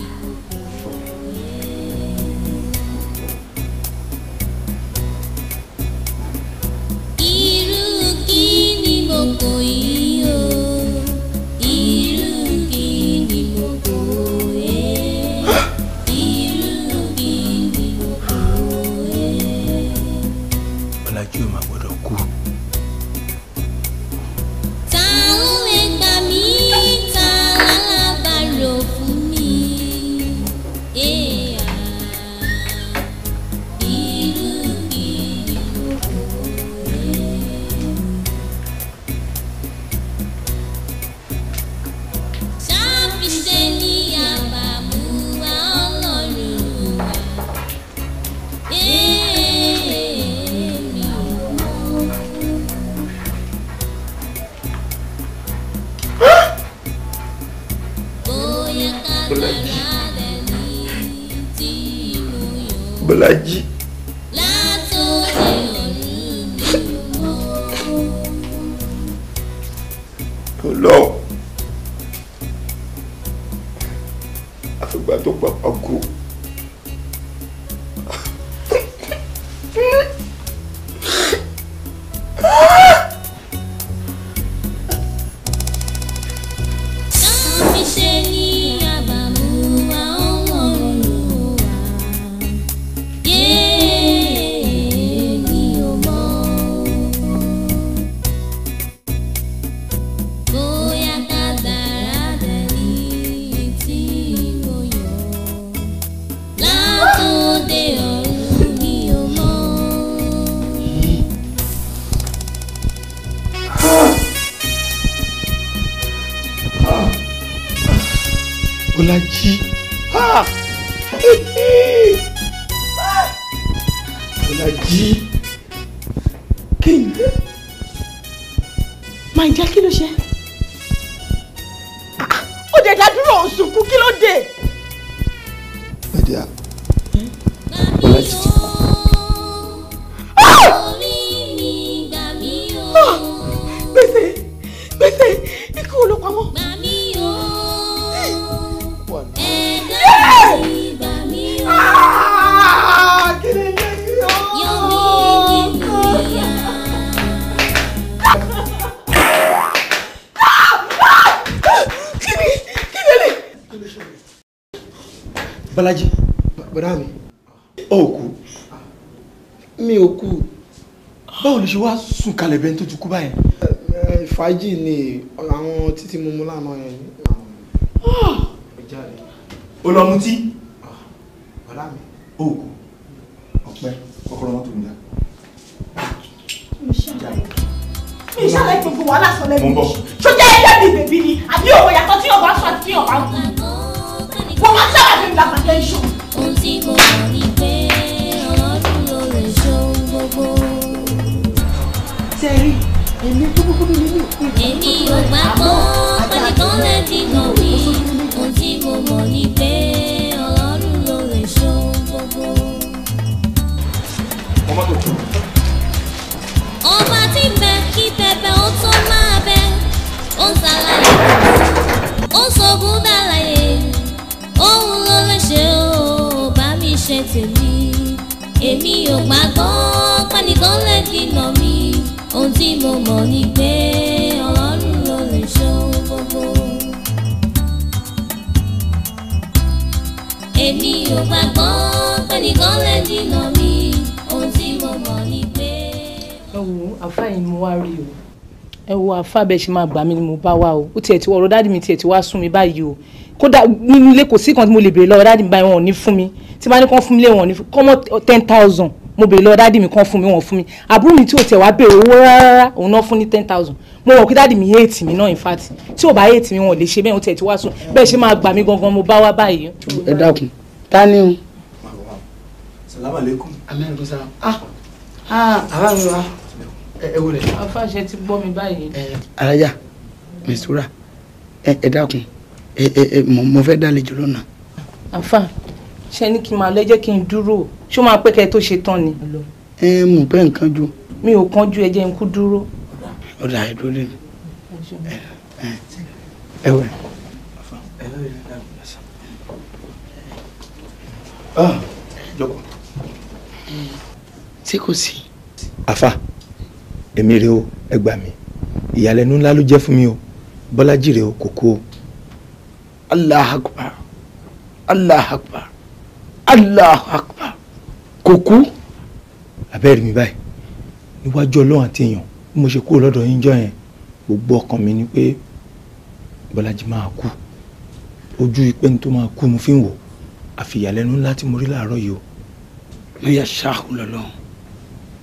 sùn kalẹ̀ bẹ́ẹ̀ tó ti kú báyìí. fàájì ni àwọn títí mímú lánàá yẹn ni. o lọ mutí. bàdá mi o kò ọpẹ kọ́kọ́rọ́ mọ́tò mi dá. mi ṣàlàyé gbogbo wàhálà sọ lẹ́nu. mo ń bọ̀. fàbẹ́ ṣe máa gbà mí ni mo bá wá o ó tiẹ̀ ti wọ ọ̀rọ̀ dáàdì mi tiẹ̀ ti wá sún mi báyìí o kódà nínú ilé kò sí kan tí mo lè béèrè lọ́wọ́ dáàdì mi báyìí wọn ò ní fún mi tí bá ní kán fún mi lé wọn ò ní fún mi kọ́mọ ten thousand mo béèrè lọ́wọ́ dáàdì mi kán fún mi wọn fún mi àbúrò mi tí ò tẹ̀ wá béèrè owó rárá òun náà fún ní ten thousand mo rò pé dáàdì mi hate mi náà in fact tí o bá hate mi wọn ò lè ṣe bẹ́ẹ̀ o. salamaleykum. amẹ́rin ah ah ẹ wò lẹ. afáṣẹ ti gbọ́ mi báyìí. alájà mẹsùrà ẹ dákun ẹ ẹ mo fẹ́ dálejò lọ́nà. àfà ṣe ni kí n máa lẹ́jẹ́ kí n dúró ṣé o máa pẹ́ kẹ́ ẹ tó ṣe tán ni. ẹ mú bẹ́ẹ̀ nǹkan jù. mi ò kánjú ẹ jẹ́ n kú dúró. ọ̀dà ẹ dúró lé mi ẹ wẹ̀. jọkọ. ṣé ah, kò sí. àfà èmi rè o ẹ gbà mí ìyàlẹ́nu ńlá ló jẹ́ fún mi o bọ́lájì rè o kò kú o allah akpa, allah akpa, allah akpa, kò kú abẹ́rẹ́ mi báyìí níwájú ọlọ́run àti èèyàn bí mo ṣe kúrò lọ́dọ̀ yín jọ yẹn gbogbo ọkàn mi ni pé bọ́lájì máa kú ojú ipẹ́ni tó máa kú mo fi ń wò àfi ńlá tí mo rí láàárọ̀ yìí o lóyà ṣáà lọ́lọ́run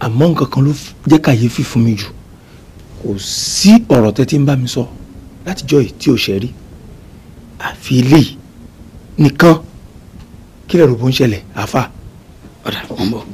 àmọ́ nǹkan kan ló jẹ́ kàyéfì fún mi jù kò sí ọ̀rọ̀ tẹ́tí ń bá mi sọ látijọ́ yìí tí ò ṣe rí àfi ilé nìkan kí lè àáfà. ọ̀dà mọ̀ bọ̀.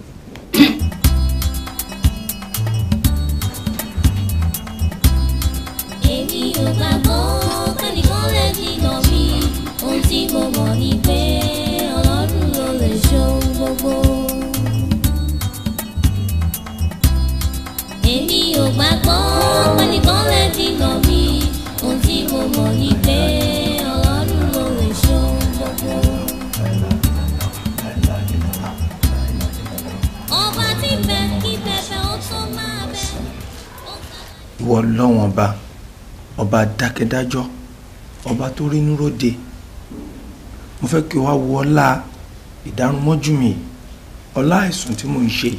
ìwọ lọ́wọ́n ọba ọba dákẹ́dájọ́ ọba tó rí núròde mo fẹ́ kí o wá wo ọlá ìdárúmọ́jú mi ọlá àìsùn tí mò ń ṣe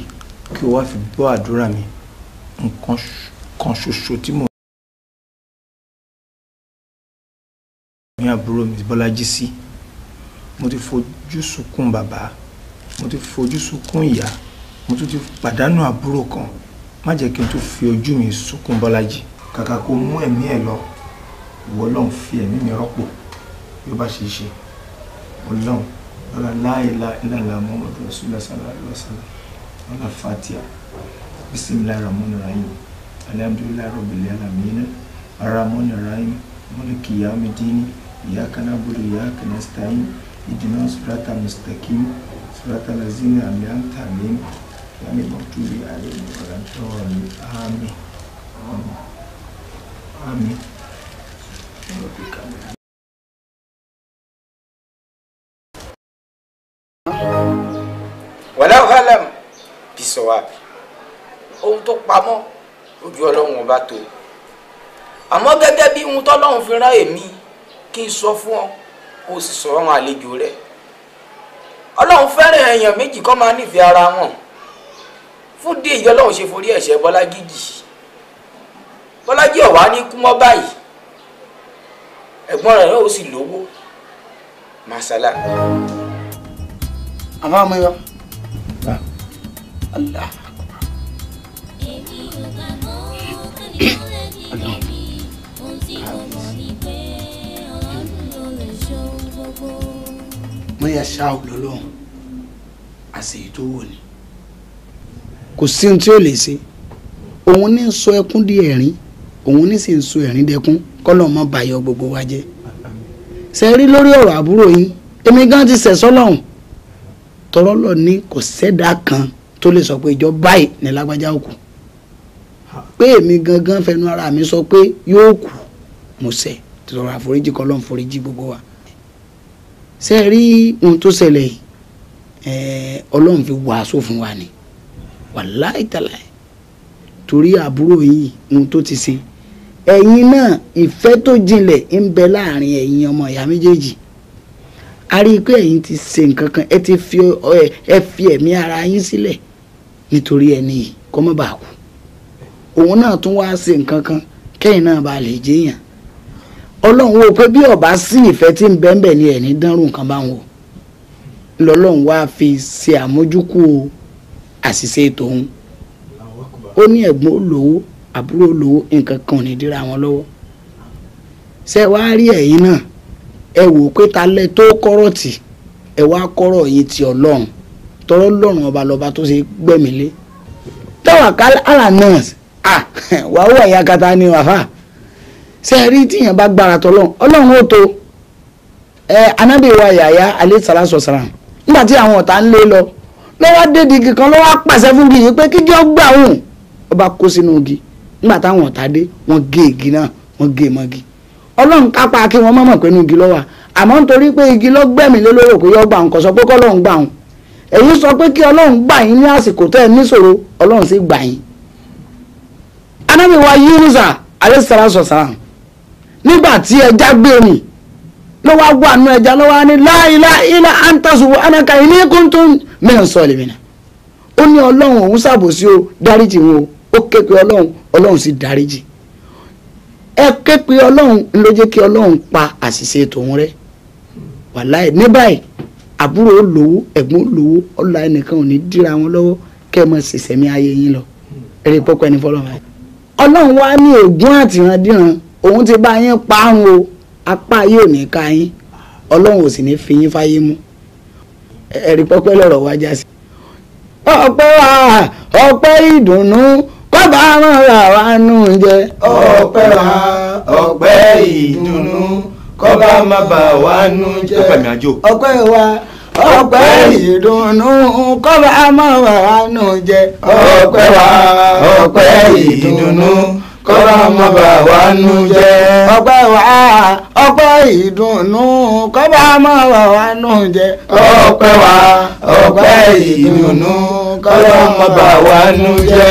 kí o wá fi gbọ́ àdúrà mi nǹkan kan ṣoṣo tí mò ń ní àbúrò mi Bọ́lájí sí mo ti fojú sunkún bàbá mo ti fojú sunkún ìyá mo tún ti pàdánù àbúrò kan má jẹ́ kí n tún fi ojú mi sunkún Bọ́lájì kàkà kó mú ẹ̀mí ẹ̀ lọ ìwọ ọlọ́run fi ẹ̀mí mi rọ́pò bí ó bá ṣe ṣe ọlọ́run lọ́la láìla ìlànà Muhammadu Rasulullah sallallahu alaihi lọ́la fatia bisimilahi rahmanir rahim alhamdulilayi rabbil alamin arahmanir rahim maliki yamidini iyaka nabudu iyaka nasta'in idina sirata mustaqim sirata lazina amiyanta يعني المغضوب عليهم ولا الضالين آمين آمين ربك wàlá wàhálà bí ohun tó pamọ́ ojú ọlọ́run ọba tó àmọ́ gẹ́gẹ́ bí ohun tọ́lọ́run fi rán èmi kí n sọ fún ọ kó o sì sọ àwọn àlejò rẹ ọlọ́run fẹ́ràn èèyàn méjì kó máa nífẹ̀ẹ́ ara wọn fún díẹ̀ yìí ọlọ́run ṣe forí ẹ̀ṣẹ̀ bọ́lájí jì bọ́lájí ọ̀wá ní kú mọ́ báyìí ẹ̀gbọ́n rẹ̀ náà ó sì lówó masala. àmọ́ àmọ́ yọ. Allah. Allah. mo yẹ ṣáà lọ́lọ́run àṣeyìí tó wò ni kò sí ohun tí ò lè ṣe òun ní sọ ẹkún di ẹ̀rín òun ní sì ń sọ ẹ̀rín dẹkún kọ́lọ̀ mọ́ bàyọ̀ gbogbo wa jẹ́ ṣe rí lórí ọ̀rọ̀ àbúrò yín èmi gan ti sẹ̀sọ́ lọ́hùn tọrọ lọ ní kò sẹ́dá kan tó lè sọ pé ìjọ báyìí ní lágbájá òkú pé èmi gangan fẹnu ara mi sọ pé yóò kú mo ṣe tọrọ àforíjì kọ́lọ̀ ń foríjì gbogbo wa ṣe rí ohun tó ṣẹlẹ̀ yìí ọlọ́run fi wàásù fún wa ni wàláì tàláì torí àbúrò yìí ohun tó ti ṣe ẹ̀yin náà ìfẹ́ tó jinlẹ̀ ń bẹ láàrin ẹ̀yin ọmọ ìyá méjèèjì a rí i pé ẹ̀yin ti ṣe nǹkan kan ẹ ti fi ẹ fi ẹ̀mí ara yín sílẹ̀ nítorí ẹni yìí kó má bàa kú òun náà tún wáá ṣe nǹkan kan kẹ́yìn náà bá lè jẹ́yàn ọlọ́run wo pé bí ọba sí ìfẹ́ tí ń bẹ́ẹ̀ bẹ́ẹ̀ ni ẹ̀ ní dánrù nǹkan báwọn o lọ́lọ́run wáá fi ṣe àmójúkú o àṣìṣe tòun ó ní ẹ̀gbọ́n olówó àbúrò olówó nǹkan kan ní dira wọn lọ́wọ́ ṣé wàá rí ẹ̀yin náà ẹ wò ó pé ta lẹ tó kọ́rọ̀ tì ẹ wá kọ́rọ̀ yín ti ọlọ́run tọrọ lọ́rùn ọba lọ́ba tó ṣe gbẹ̀mílé tọ́wà kálá náà ah wàá wà ya kata ni wàá ṣe rí tíyàn bá gbára tọlọ́run ọlọ́run ó tó ẹ anábìwá yàyà alẹ́ sàlásọ̀sàrà nígbà tí àwọn ọ̀tá ń lé lọ ló wá dédi igi kan ló wá pàṣẹ fún igi yìí pé kígi ó gbà òun ó bá kó sínú igi nígbà táwọn ọ̀tá dé wọ́n gé igi náà wọ́n gé mọ́gi ọlọ́run kápá kí wọ́n mọ̀mọ̀ pé inú igi ló wà àmọ́ nítorí pé igi ló gbẹ̀mí lé lóró kò yọ gbà òun kò sọ pé kọ́lọ́run gbà òun èyí sọ pé kí ọlọ́run gbà yín ní àsìkò tẹ́ ẹ níṣòro ọlọ́run sì gbà yín anábìwá yunisa alẹ́ sara sọ̀sán nígbà tí ẹja gbé rìn ló wá wà nù ẹja ló wá láìlá ilá antasu anaka ìní kúntùn mẹ́rin sọ lèmi náà ó ní ọlọ́run òun ṣàbòsí o dáríjì wọn o ó ké pe ọlọ́run ọlọ́run sì dáríjì ẹ ké pe ọlọ́run ló jẹ́ kí ọlọ́run pa àṣìṣe tòun rẹ wàláì ní báyìí àbúrò ó lówó ẹ̀gbọ́n ó lówó ọlọ́run ẹnìkan ò ní díra wọn lọ́wọ́ kẹ́ ẹ mọ ṣẹ̀ṣẹ̀ mi ayé yín lọ eré pọ́pọ́ ẹni fọlọ́run ọlọ́run wá ní ègún àtìrandíran òun ti bá yín pa o apá yìí ò ní ká yín ọlọ́run ò sì ní fi yín fáyé mú ẹ̀rí pọ́pẹ́ lọ́rọ̀ wá já sí. ọpẹ́ wa ọpẹ́ ìdùnnú kọ́ba máa rà wá nù jẹ. ọpẹ́ wa ọpẹ́ ìdùnnú kọ́ba máa bà wá nù jẹ. ọpẹ́ mi àjò. ọpẹ́ wa ọpẹ́ ìdùnnú kọ́ba máa bà wá nù jẹ. ọpẹ́ wa ọpẹ́ ìdùnnú kọ́rọ̀ ọmọ bàbá nu jẹ́. ọgbẹ́ wa ọgbẹ́ ìdùnnú kọ́bà ọmọ bàbá nu jẹ́. ọpẹ́ wa ọpẹ́ ìdùnnú kọ́rọ̀ ọmọ bàbá nu jẹ́.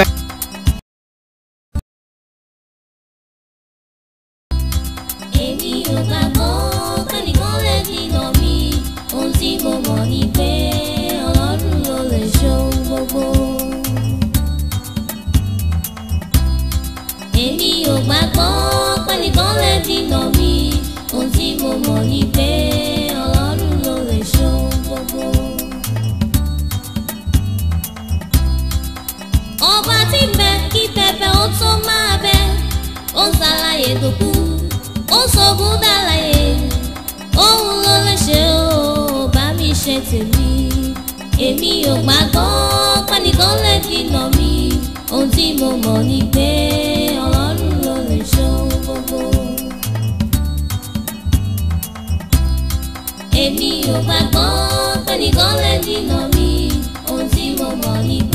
èmi ò gbàgbọ́ pẹ́nìkan lè dìnà mi ohun tí mo mọ̀ ni pé ọlọ́run ló lè ṣe ohun gbogbo. èmi ò gbàgbọ́ pẹ́nìkan lè dìnà mi ohun tí mo mọ̀ ni pé.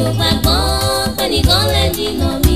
ṣùgbọ́n gbọ́n pẹ́nìkan lè dìnà mí.